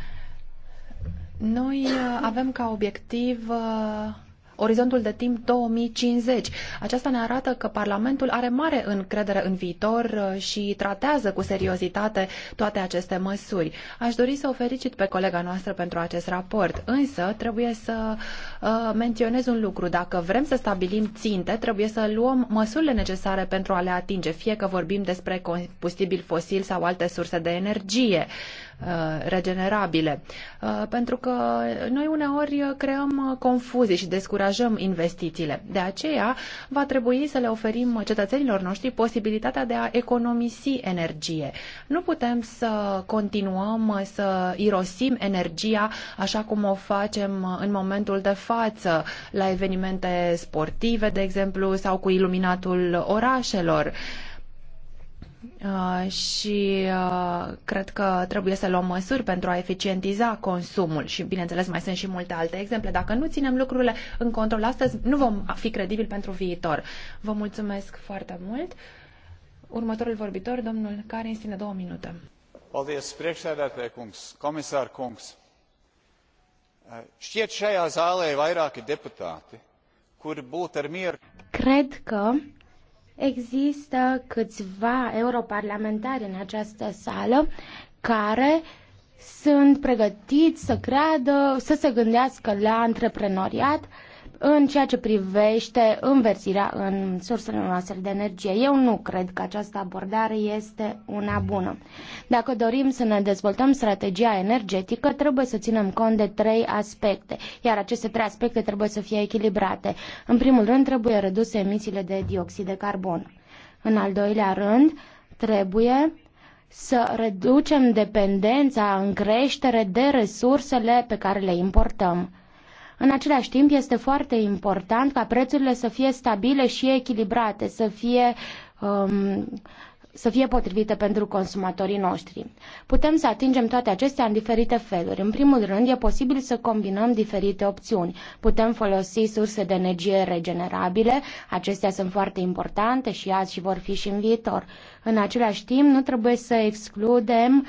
Noi uh, avem ca obiectiv uh, orizontul de timp 2050. Aceasta ne arată că Parlamentul are mare încredere în viitor uh, și tratează cu seriozitate toate aceste măsuri. Aș dori să o felicit pe colega noastră pentru acest raport, însă trebuie să uh, menționez un lucru. Dacă vrem să stabilim ținte, trebuie să luăm măsurile necesare pentru a le atinge, fie că vorbim despre combustibil fosil sau alte surse de energie. Uh, Uh, regenerabile. Uh, pentru că noi uneori creăm confuzii și descurajăm investițiile. De aceea va trebui să le oferim cetățenilor noștri posibilitatea de a economisi energie. Nu putem să continuăm să irosim energia așa cum o facem în momentul de față la evenimente sportive, de exemplu, sau cu iluminatul orașelor. Uh, și uh, cred că trebuie să luăm măsuri pentru a eficientiza consumul și, bineînțeles, mai sunt și multe alte exemple. Dacă nu ținem lucrurile în control astăzi, nu vom fi credibili pentru viitor. Vă mulțumesc foarte mult. Următorul vorbitor, domnul Karin, ține două minute. Paldies, priekšsēdētāja kungs, komisār kungs. Eh, šķiet šajā zālē vairāki deputāti, kuri būtu ar mieru. Cred că Există câțiva europarlamentari în această sală care sunt pregătiți să creadă, să se gândească la antreprenoriat în ceea ce privește înversirea în sursele noastre de energie. Eu nu cred că această abordare este una bună. Dacă dorim să ne dezvoltăm strategia energetică, trebuie să ținem cont de trei aspecte, iar aceste trei aspecte trebuie să fie echilibrate. În primul rând, trebuie reduse emisiile de dioxid de carbon. În al doilea rând, trebuie să reducem dependența în creștere de resursele pe care le importăm. În același timp, este foarte important ca prețurile să fie stabile și echilibrate, să fie um, să fie potrivite pentru consumatorii noștri. Putem să atingem toate acestea în diferite feluri. În primul rând, e posibil să combinăm diferite opțiuni. Putem folosi surse de energie regenerabile, acestea sunt foarte importante și azi și vor fi și în viitor. În același timp, nu trebuie să excludem uh,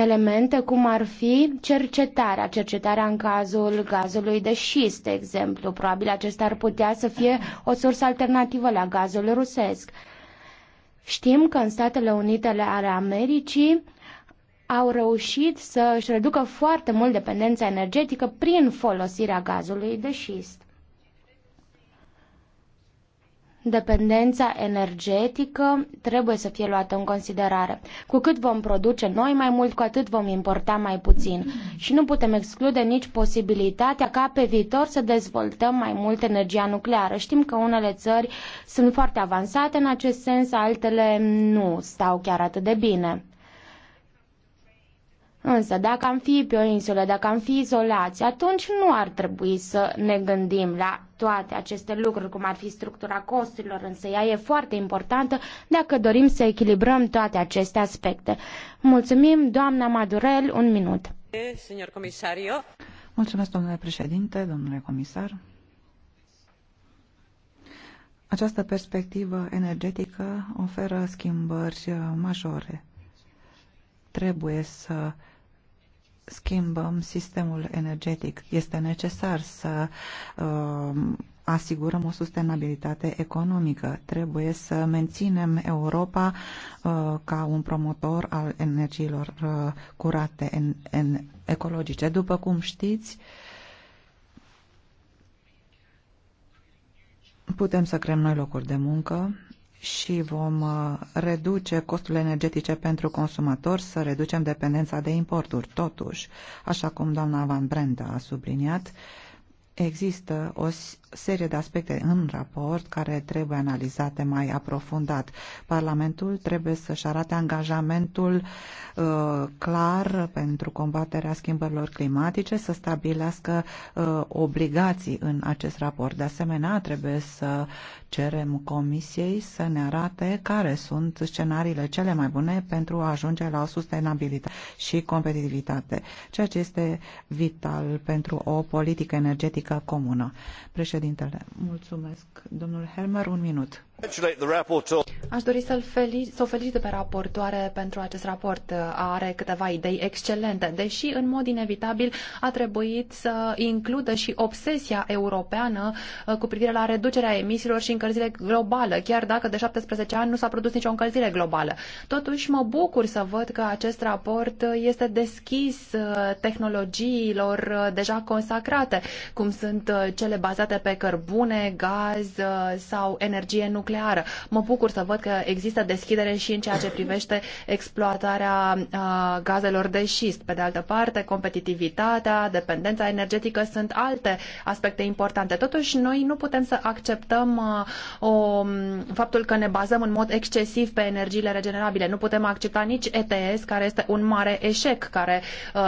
elemente, cum ar fi cercetarea, cercetarea în cazul gazului de șist, de exemplu. Probabil acesta ar putea să fie o sursă alternativă la gazul rusesc. Știm că în Statele Unite ale Americii au reușit să își reducă foarte mult dependența energetică prin folosirea gazului de șist dependența energetică trebuie să fie luată în considerare. Cu cât vom produce noi mai mult, cu atât vom importa mai puțin. Și nu putem exclude nici posibilitatea ca pe viitor să dezvoltăm mai mult energia nucleară. Știm că unele țări sunt foarte avansate în acest sens, altele nu stau chiar atât de bine. Însă, dacă am fi pe o insulă, dacă am fi izolați, atunci nu ar trebui să ne gândim la toate aceste lucruri, cum ar fi structura costurilor, însă ea e foarte importantă dacă dorim să echilibrăm toate aceste aspecte. Mulțumim, doamna Madurel, un minut. Mulțumesc, domnule președinte, domnule comisar. Această perspectivă energetică oferă schimbări majore trebuie să schimbăm sistemul energetic. Este necesar să uh, asigurăm o sustenabilitate economică. Trebuie să menținem Europa uh, ca un promotor al energiilor uh, curate în, în ecologice. După cum știți, putem să creăm noi locuri de muncă, și vom uh, reduce costurile energetice pentru consumatori, să reducem dependența de importuri. Totuși, așa cum doamna Van Brenda a subliniat, există o, serie de aspecte în raport care trebuie analizate mai aprofundat. Parlamentul trebuie să-și arate angajamentul uh, clar pentru combaterea schimbărilor climatice, să stabilească uh, obligații în acest raport. De asemenea, trebuie să cerem Comisiei să ne arate care sunt scenariile cele mai bune pentru a ajunge la o sustenabilitate și competitivitate, ceea ce este vital pentru o politică energetică comună. Președ președintele. Mulțumesc. Domnul Helmer, un minut. Aș dori să felici, să o felicit pe raportoare pentru acest raport. Are câteva idei excelente, deși în mod inevitabil a trebuit să includă și obsesia europeană uh, cu privire la reducerea emisiilor și încălzire globală, chiar dacă de 17 ani nu s-a produs nicio încălzire globală. Totuși mă bucur să văd că acest raport uh, este deschis uh, tehnologiilor deja consacrate, cum sunt cele bazate pe cărbune, gaz sau energie nucleară nucleară. Mă bucur să văd că există deschidere și în ceea ce privește exploatarea gazelor de șist. Pe de altă parte, competitivitatea, dependența energetică sunt alte aspecte importante. Totuși, noi nu putem să acceptăm o, faptul că ne bazăm în mod excesiv pe energiile regenerabile. Nu putem accepta nici ETS, care este un mare eșec, care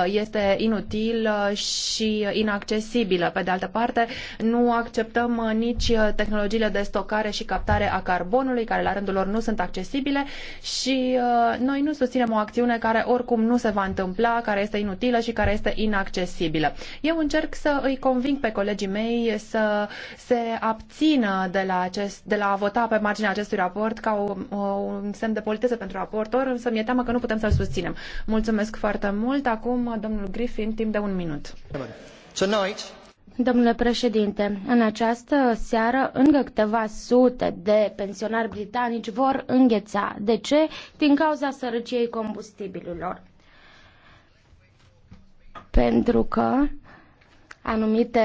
este inutil și inaccesibilă. Pe de altă parte, nu acceptăm nici tehnologiile de stocare și captare a carbonului, care la rândul lor nu sunt accesibile și uh, noi nu susținem o acțiune care oricum nu se va întâmpla, care este inutilă și care este inaccesibilă. Eu încerc să îi conving pe colegii mei să se abțină de la, acest, de la a vota pe marginea acestui raport ca o, o, un semn de politeză pentru raportor, Să mi-e teamă că nu putem să-l susținem. Mulțumesc foarte mult. Acum, domnul Griffin, timp de un minut. Tonight, Domnule președinte, în această seară încă câteva sute de pensionari britanici vor îngheța. De ce? Din cauza sărăciei combustibililor. Pentru că anumite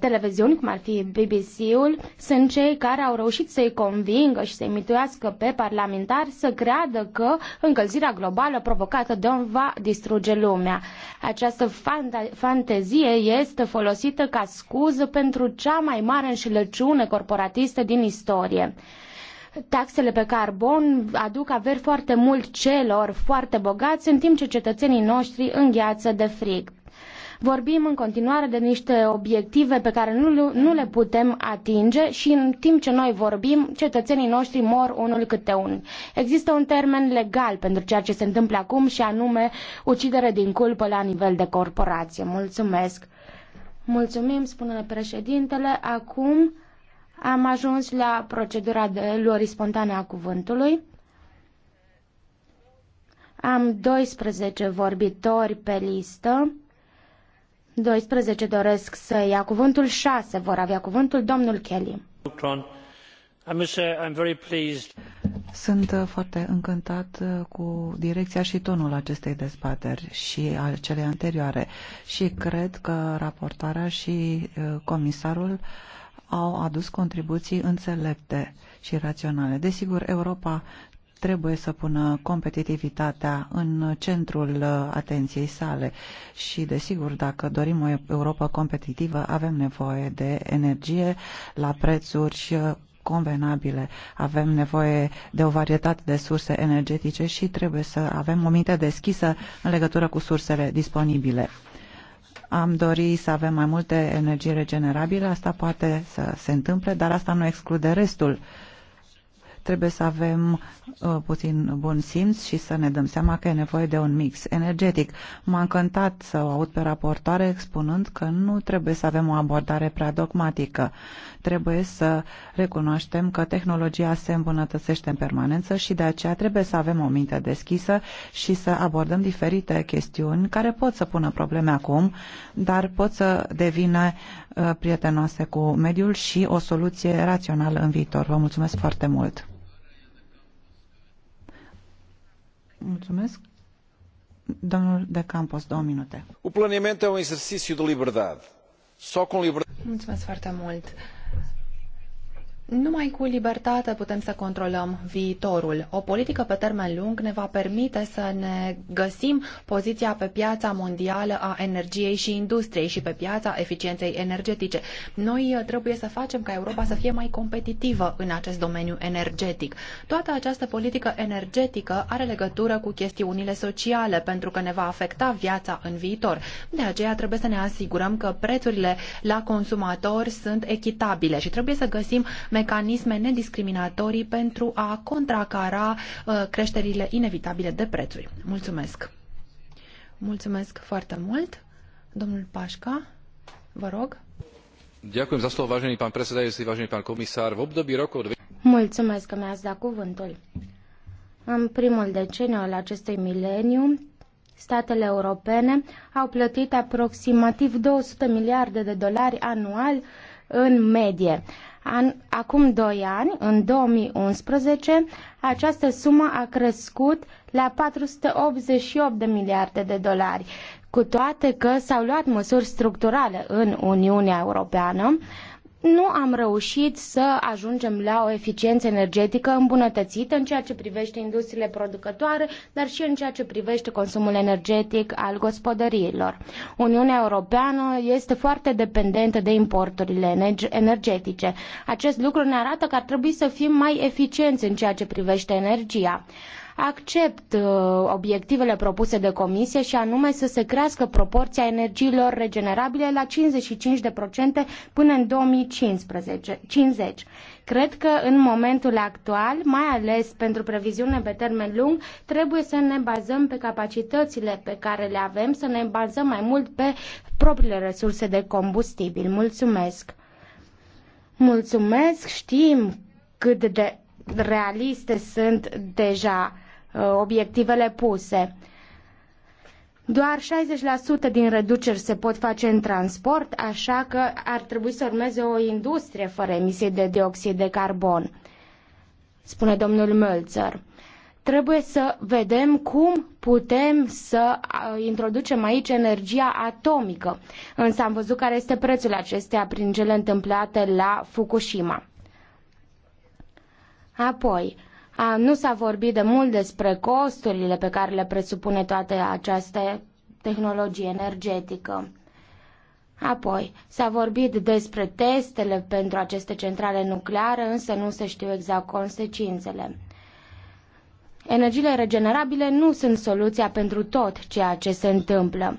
televiziuni, cum ar fi BBC-ul, sunt cei care au reușit să-i convingă și să-i mituiască pe parlamentari să creadă că încălzirea globală provocată de om va distruge lumea. Această fantezie este folosită ca scuză pentru cea mai mare înșelăciune corporatistă din istorie taxele pe carbon aduc averi foarte mult celor foarte bogați, în timp ce cetățenii noștri îngheață de frig. Vorbim în continuare de niște obiective pe care nu, nu le putem atinge și în timp ce noi vorbim, cetățenii noștri mor unul câte unul. Există un termen legal pentru ceea ce se întâmplă acum și anume ucidere din culpă la nivel de corporație. Mulțumesc! Mulțumim, spune președintele. Acum am ajuns la procedura de luări spontane a cuvântului. Am 12 vorbitori pe listă. 12 doresc să ia cuvântul, 6 vor avea cuvântul, domnul Kelly. Sunt uh, foarte încântat uh, cu direcția și tonul acestei dezbateri și al celei anterioare și cred că raportarea și uh, comisarul au adus contribuții înțelepte și raționale. Desigur, Europa trebuie să pună competitivitatea în centrul uh, atenției sale și, desigur, dacă dorim o Europa competitivă, avem nevoie de energie la prețuri uh, convenabile. Avem nevoie de o varietate de surse energetice și trebuie să avem o minte deschisă în legătură cu sursele disponibile. Am dori să avem mai multe energii regenerabile, asta poate să se întâmple, dar asta nu exclude restul uh, Trebuie să avem uh, puțin bun simț și să ne dăm seama că e nevoie de un mix energetic. M-a încântat să o aud pe raportoare expunând că nu trebuie să avem o abordare prea dogmatică. Trebuie să recunoaștem că tehnologia se îmbunătățește în permanență și de aceea trebuie să avem o minte deschisă și să abordăm diferite chestiuni care pot să pună probleme acum, dar pot să devină uh, prietenoase cu mediul și o soluție rațională în viitor. Vă mulțumesc foarte mult! Mulțumesc. Domnul de Campos, două minute. O planeamento é um exercício de liberdade. Só com liberdade. Mulțumesc foarte mult. Numai cu libertate putem să controlăm viitorul. O politică pe termen lung ne va permite să ne găsim poziția pe piața mondială a energiei și industriei și pe piața eficienței energetice. Noi uh, trebuie să facem ca Europa să fie mai competitivă în acest domeniu energetic. Toată această politică energetică are legătură cu chestiunile sociale pentru că ne va afecta viața în viitor. De aceea trebuie să ne asigurăm că prețurile la consumatori sunt echitabile și trebuie să găsim mecanisme nediscriminatorii pentru a contracara uh, creșterile inevitabile de prețuri. Mulțumesc! Mulțumesc foarte mult! Domnul Pașca, vă rog. Ďakujem za slovo, vážený pán predsedajúci, vážený pán komisár. V období rokov... Mulțumesc că mi-ați dat cuvântul. În primul deceniu al acestui mileniu, statele europene au plătit aproximativ 200 miliarde de dolari anual în medie. An, acum 2 ani, în 2011, această sumă a crescut la 488 de miliarde de dolari, cu toate că s-au luat măsuri structurale în Uniunea Europeană, nu am reușit să ajungem la o eficiență energetică îmbunătățită în ceea ce privește industriile producătoare, dar și în ceea ce privește consumul energetic al gospodăriilor. Uniunea Europeană este foarte dependentă de importurile energetice. Acest lucru ne arată că ar trebui să fim mai eficienți în ceea ce privește energia. Accept uh, obiectivele propuse de comisie și anume să se crească proporția energiilor regenerabile la 55% până în 2015. 50. Cred că în momentul actual, mai ales pentru previziune pe termen lung, trebuie să ne bazăm pe capacitățile pe care le avem, să ne bazăm mai mult pe propriile resurse de combustibil. Mulțumesc! Mulțumesc, știm cât de realiste sunt deja Uh, obiectivele puse. Doar 60% din reduceri se pot face în transport, așa că ar trebui să urmeze o industrie fără emisii de dioxid de carbon, spune domnul Mölzer. Trebuie să vedem cum putem să uh, introducem aici energia atomică. Însă am văzut care este prețul acestea prin cele întâmplate la Fukushima. Apoi, a, nu s-a vorbit de mult despre costurile pe care le presupune toate aceste tehnologie energetică. Apoi, s-a vorbit despre testele pentru aceste centrale nucleare, însă nu se știu exact consecințele. Energiile regenerabile nu sunt soluția pentru tot ceea ce se întâmplă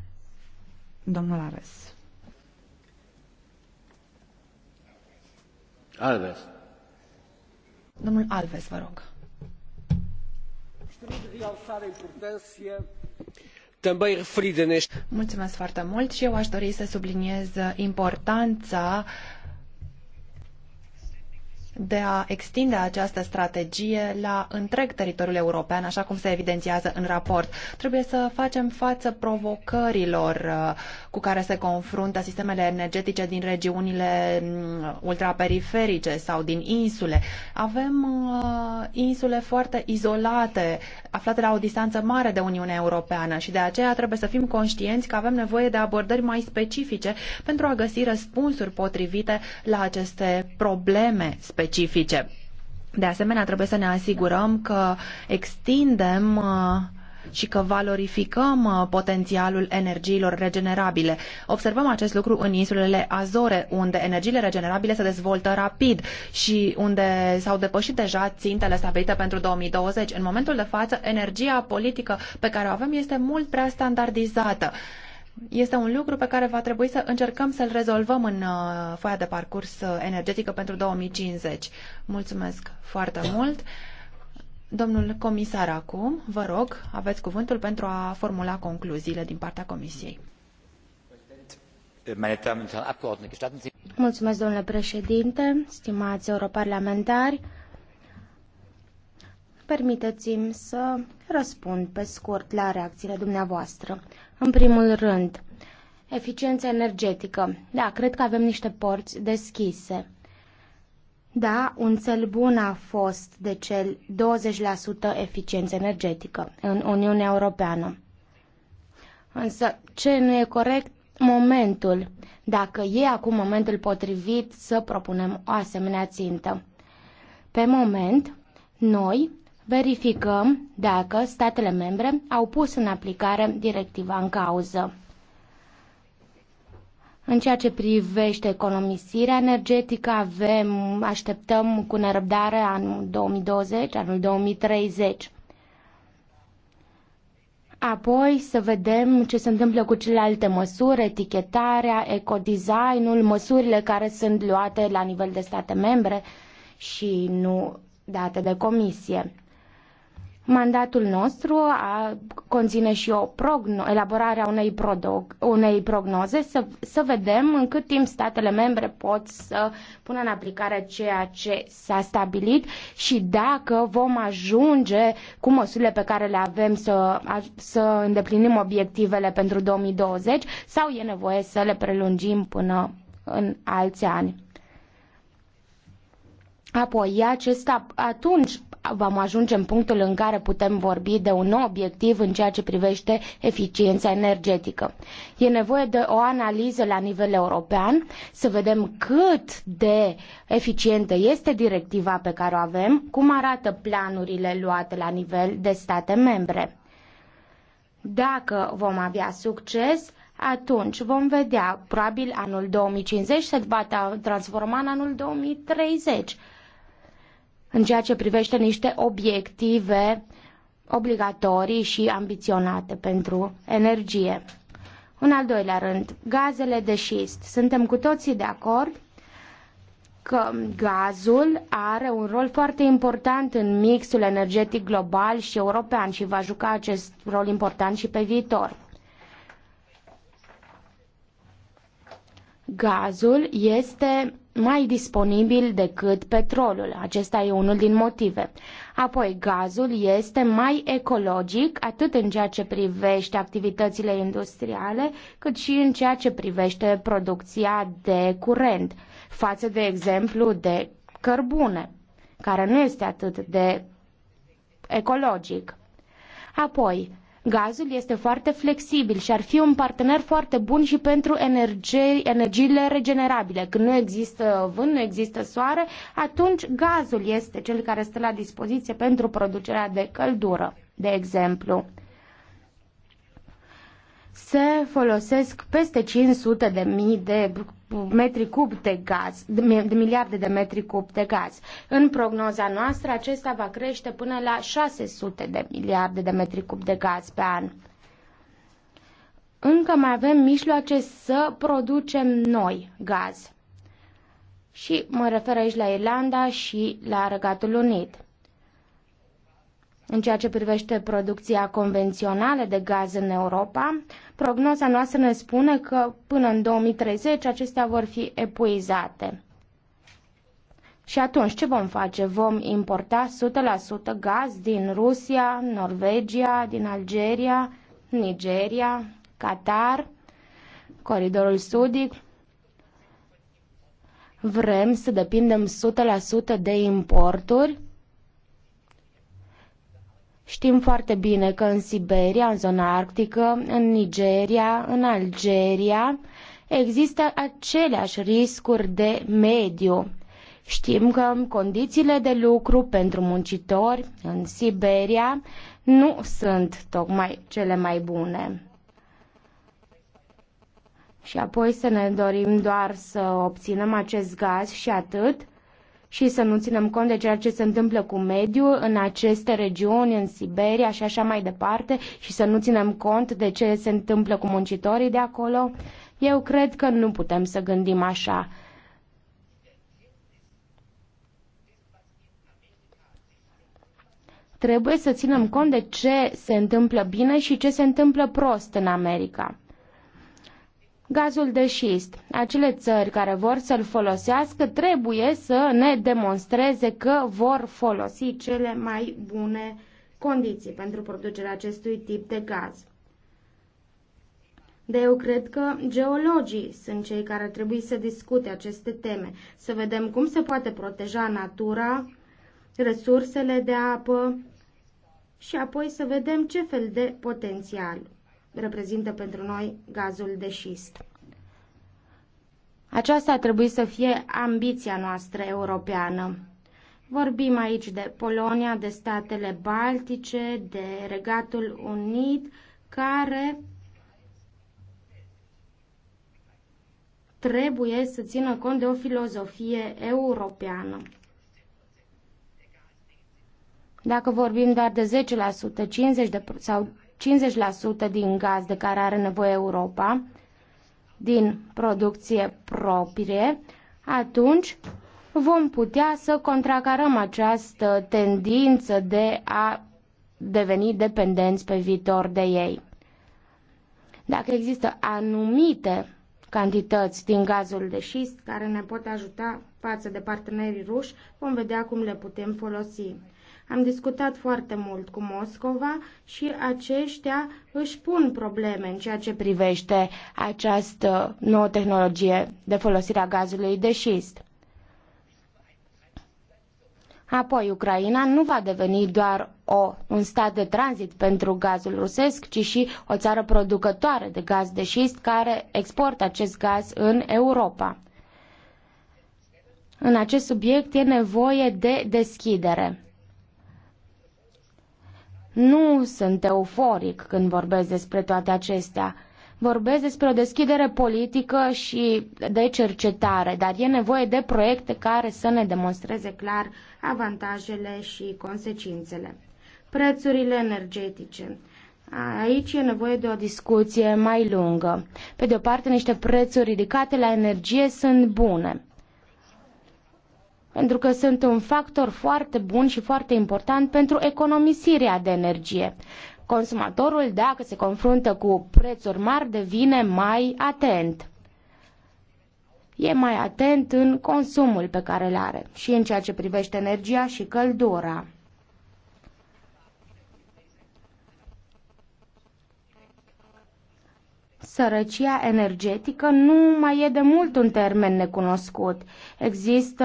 Domnul Ares. Alves. Domnul Alves, vă rog. Mulțumesc foarte mult și eu aș dori să subliniez importanța uh, de a extinde această strategie la întreg teritoriul european, așa cum se evidențiază în raport. Trebuie să facem față provocărilor uh, cu care se confruntă sistemele energetice din regiunile mm, ultraperiferice sau din insule. Avem uh, insule foarte izolate, aflate la o distanță mare de Uniunea Europeană și de aceea trebuie să fim conștienți că avem nevoie de abordări mai specifice pentru a găsi răspunsuri potrivite la aceste probleme specifice specifice. De asemenea, trebuie să ne asigurăm că extindem uh, și că valorificăm uh, potențialul energiilor regenerabile. Observăm acest lucru în insulele Azore, unde energiile regenerabile se dezvoltă rapid și unde s-au depășit deja țintele stabilite pentru 2020. În momentul de față, energia politică pe care o avem este mult prea standardizată. Este un lucru pe care va trebui să încercăm să-l rezolvăm în uh, foaia de parcurs uh, energetică pentru 2050. Mulțumesc foarte mult. Domnul comisar, acum, vă rog, aveți cuvântul pentru a formula concluziile din partea Comisiei. Mulțumesc, domnule președinte, stimați europarlamentari. Permiteți-mi să răspund pe scurt la reacțiile dumneavoastră. În primul rând, eficiența energetică. Da, cred că avem niște porți deschise. Da, un cel bun a fost de cel 20% eficiență energetică în Uniunea Europeană. Însă, ce nu e corect? Momentul. Dacă e acum momentul potrivit să propunem o asemenea țintă. Pe moment, noi verificăm dacă statele membre au pus în aplicare directiva în cauză. În ceea ce privește economisirea energetică, avem, așteptăm cu nerăbdare anul 2020, anul 2030. Apoi să vedem ce se întâmplă cu celelalte măsuri, etichetarea, ecodesignul, măsurile care sunt luate la nivel de state membre și nu date de comisie. Mandatul nostru a, conține și o progno, elaborarea unei, prodog, unei prognoze să, să vedem în cât timp statele membre pot să pună în aplicare ceea ce s-a stabilit și dacă vom ajunge cu măsurile pe care le avem să, să îndeplinim obiectivele pentru 2020 sau e nevoie să le prelungim până în alți ani. Apoi, acesta, atunci vom ajunge în punctul în care putem vorbi de un nou obiectiv în ceea ce privește eficiența energetică. E nevoie de o analiză la nivel european, să vedem cât de eficientă este directiva pe care o avem, cum arată planurile luate la nivel de state membre. Dacă vom avea succes, atunci vom vedea, probabil anul 2050 se va transforma în anul 2030 în ceea ce privește niște obiective obligatorii și ambiționate pentru energie. În al doilea rând, gazele de șist. Suntem cu toții de acord că gazul are un rol foarte important în mixul energetic global și european și va juca acest rol important și pe viitor. Gazul este mai disponibil decât petrolul. Acesta e unul din motive. Apoi, gazul este mai ecologic atât în ceea ce privește activitățile industriale, cât și în ceea ce privește producția de curent, față de exemplu de cărbune, care nu este atât de ecologic. Apoi, Gazul este foarte flexibil și ar fi un partener foarte bun și pentru energie, energiile regenerabile. Când nu există vânt, nu există soare, atunci gazul este cel care stă la dispoziție pentru producerea de căldură, de exemplu. Se folosesc peste 500 de mii de metri cub de gaz, de miliarde de metri cub de gaz. În prognoza noastră, acesta va crește până la 600 de miliarde de metri cub de gaz pe an. Încă mai avem mijloace să producem noi gaz. Și mă refer aici la Irlanda și la Răgatul Unit. În ceea ce privește producția convențională de gaz în Europa, Prognoza noastră ne spune că până în 2030 acestea vor fi epuizate. Și atunci ce vom face? Vom importa 100% gaz din Rusia, Norvegia, din Algeria, Nigeria, Qatar, Coridorul Sudic. Vrem să depindem 100% de importuri? Știm foarte bine că în Siberia, în zona arctică, în Nigeria, în Algeria, există aceleași riscuri de mediu. Știm că condițiile de lucru pentru muncitori în Siberia nu sunt tocmai cele mai bune. Și apoi să ne dorim doar să obținem acest gaz și atât și să nu ținem cont de ceea ce se întâmplă cu mediul în aceste regiuni, în Siberia și așa mai departe și să nu ținem cont de ce se întâmplă cu muncitorii de acolo? Eu cred că nu putem să gândim așa. Trebuie să ținem cont de ce se întâmplă bine și ce se întâmplă prost în America. Gazul de șist. Acele țări care vor să-l folosească trebuie să ne demonstreze că vor folosi cele mai bune condiții pentru producerea acestui tip de gaz. De eu cred că geologii sunt cei care trebuie să discute aceste teme, să vedem cum se poate proteja natura, resursele de apă și apoi să vedem ce fel de potențial reprezintă pentru noi gazul de șist. Aceasta ar trebui să fie ambiția noastră europeană. Vorbim aici de Polonia, de statele Baltice, de Regatul Unit, care trebuie să țină cont de o filozofie europeană. Dacă vorbim doar de 10%, 50% de, sau 50% din gaz de care are nevoie Europa din producție proprie, atunci vom putea să contracarăm această tendință de a deveni dependenți pe viitor de ei. Dacă există anumite cantități din gazul de șist care ne pot ajuta față de partenerii ruși, vom vedea cum le putem folosi. Am discutat foarte mult cu Moscova și aceștia își pun probleme în ceea ce privește această nouă tehnologie de folosire a gazului de șist. Apoi, Ucraina nu va deveni doar o, un stat de tranzit pentru gazul rusesc, ci și o țară producătoare de gaz de șist care exportă acest gaz în Europa. În acest subiect e nevoie de deschidere. Nu sunt euforic când vorbesc despre toate acestea. Vorbesc despre o deschidere politică și de cercetare, dar e nevoie de proiecte care să ne demonstreze clar avantajele și consecințele. Prețurile energetice. Aici e nevoie de o discuție mai lungă. Pe de o parte, niște prețuri ridicate la energie sunt bune pentru că sunt un factor foarte bun și foarte important pentru economisirea de energie. Consumatorul, dacă se confruntă cu prețuri mari, devine mai atent. E mai atent în consumul pe care îl are și în ceea ce privește energia și căldura. Sărăcia energetică nu mai e de mult un termen necunoscut. Există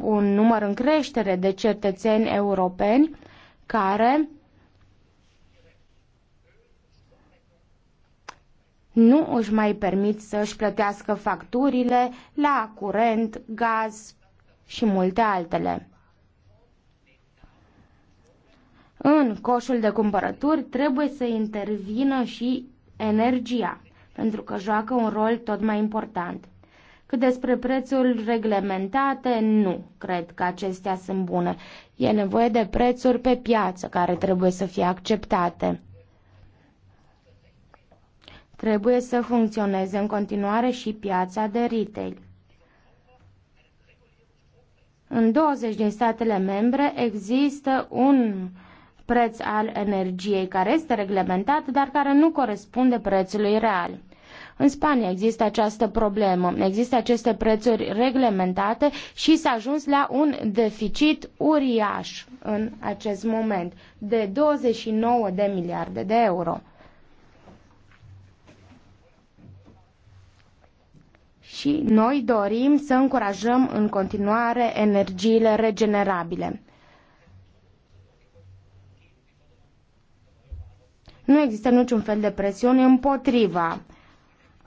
un număr în creștere de cetățeni europeni care nu își mai permit să își plătească facturile la curent, gaz și multe altele. În coșul de cumpărături trebuie să intervină și energia pentru că joacă un rol tot mai important. Cât despre prețuri reglementate, nu cred că acestea sunt bune. E nevoie de prețuri pe piață care trebuie să fie acceptate. Trebuie să funcționeze în continuare și piața de retail. În 20 din statele membre există un preț al energiei care este reglementat, dar care nu corespunde prețului real. În Spania există această problemă, există aceste prețuri reglementate și s-a ajuns la un deficit uriaș în acest moment de 29 de miliarde de euro. și noi dorim să încurajăm în continuare energiile regenerabile. Nu există niciun fel de presiune împotriva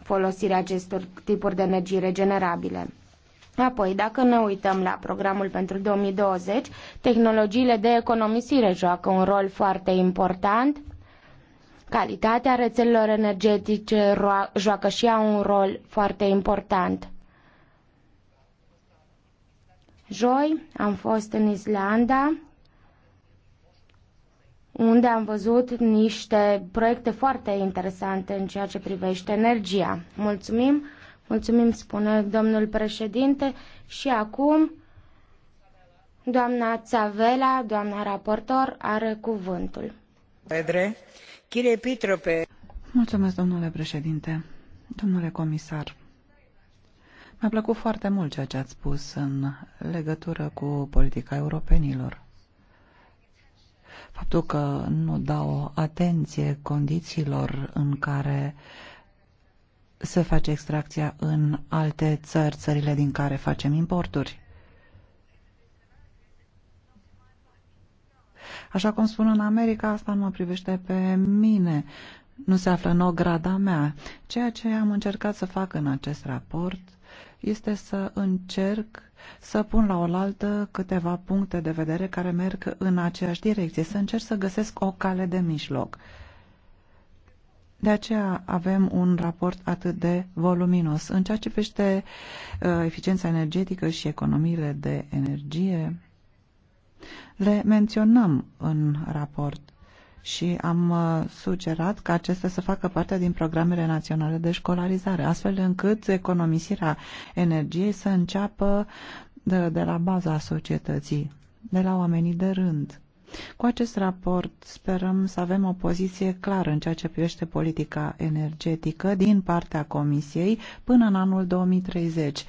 folosirea acestor tipuri de energii regenerabile. Apoi, dacă ne uităm la programul pentru 2020, tehnologiile de economisire joacă un rol foarte important. Calitatea rețelelor energetice joacă și ea un rol foarte important. Joi am fost în Islanda unde am văzut niște proiecte foarte interesante în ceea ce privește energia. Mulțumim, mulțumim, spune domnul președinte. Și acum, doamna Țavela, doamna raportor, are cuvântul. Mulțumesc, domnule președinte, domnule comisar. Mi-a plăcut foarte mult ceea ce ați spus în legătură cu politica europenilor faptul că nu dau atenție condițiilor în care se face extracția în alte țări, țările din care facem importuri. Așa cum spun în America, asta nu mă privește pe mine, nu se află în ograda mea. Ceea ce am încercat să fac în acest raport este să încerc să pun la oaltă câteva puncte de vedere care merg în aceeași direcție, să încerc să găsesc o cale de mijloc. De aceea avem un raport atât de voluminos. În ceea ce privește uh, eficiența energetică și economiile de energie, le menționăm în raport și am uh, sugerat ca acestea să facă parte din programele naționale de școlarizare, astfel încât economisirea energiei să înceapă de, de la baza societății, de la oamenii de rând. Cu acest raport sperăm să avem o poziție clară în ceea ce privește politica energetică din partea Comisiei până în anul 2030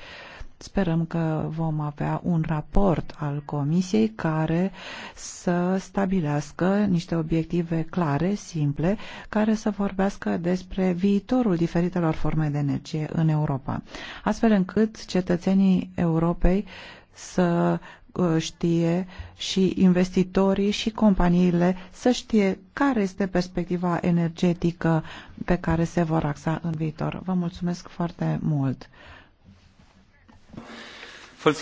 Sperăm că vom avea un raport al Comisiei care să stabilească niște obiective clare, simple, care să vorbească despre viitorul diferitelor forme de energie în Europa, astfel încât cetățenii Europei să uh, știe și investitorii și companiile să știe care este perspectiva energetică pe care se vor axa în viitor. Vă mulțumesc foarte mult!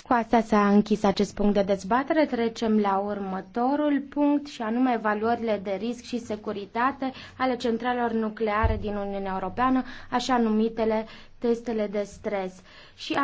Cu asta s-a închis acest punct de dezbatere. Trecem la următorul punct și anume valorile de risc și securitate ale centralelor nucleare din Uniunea Europeană, așa numitele testele de stres. Și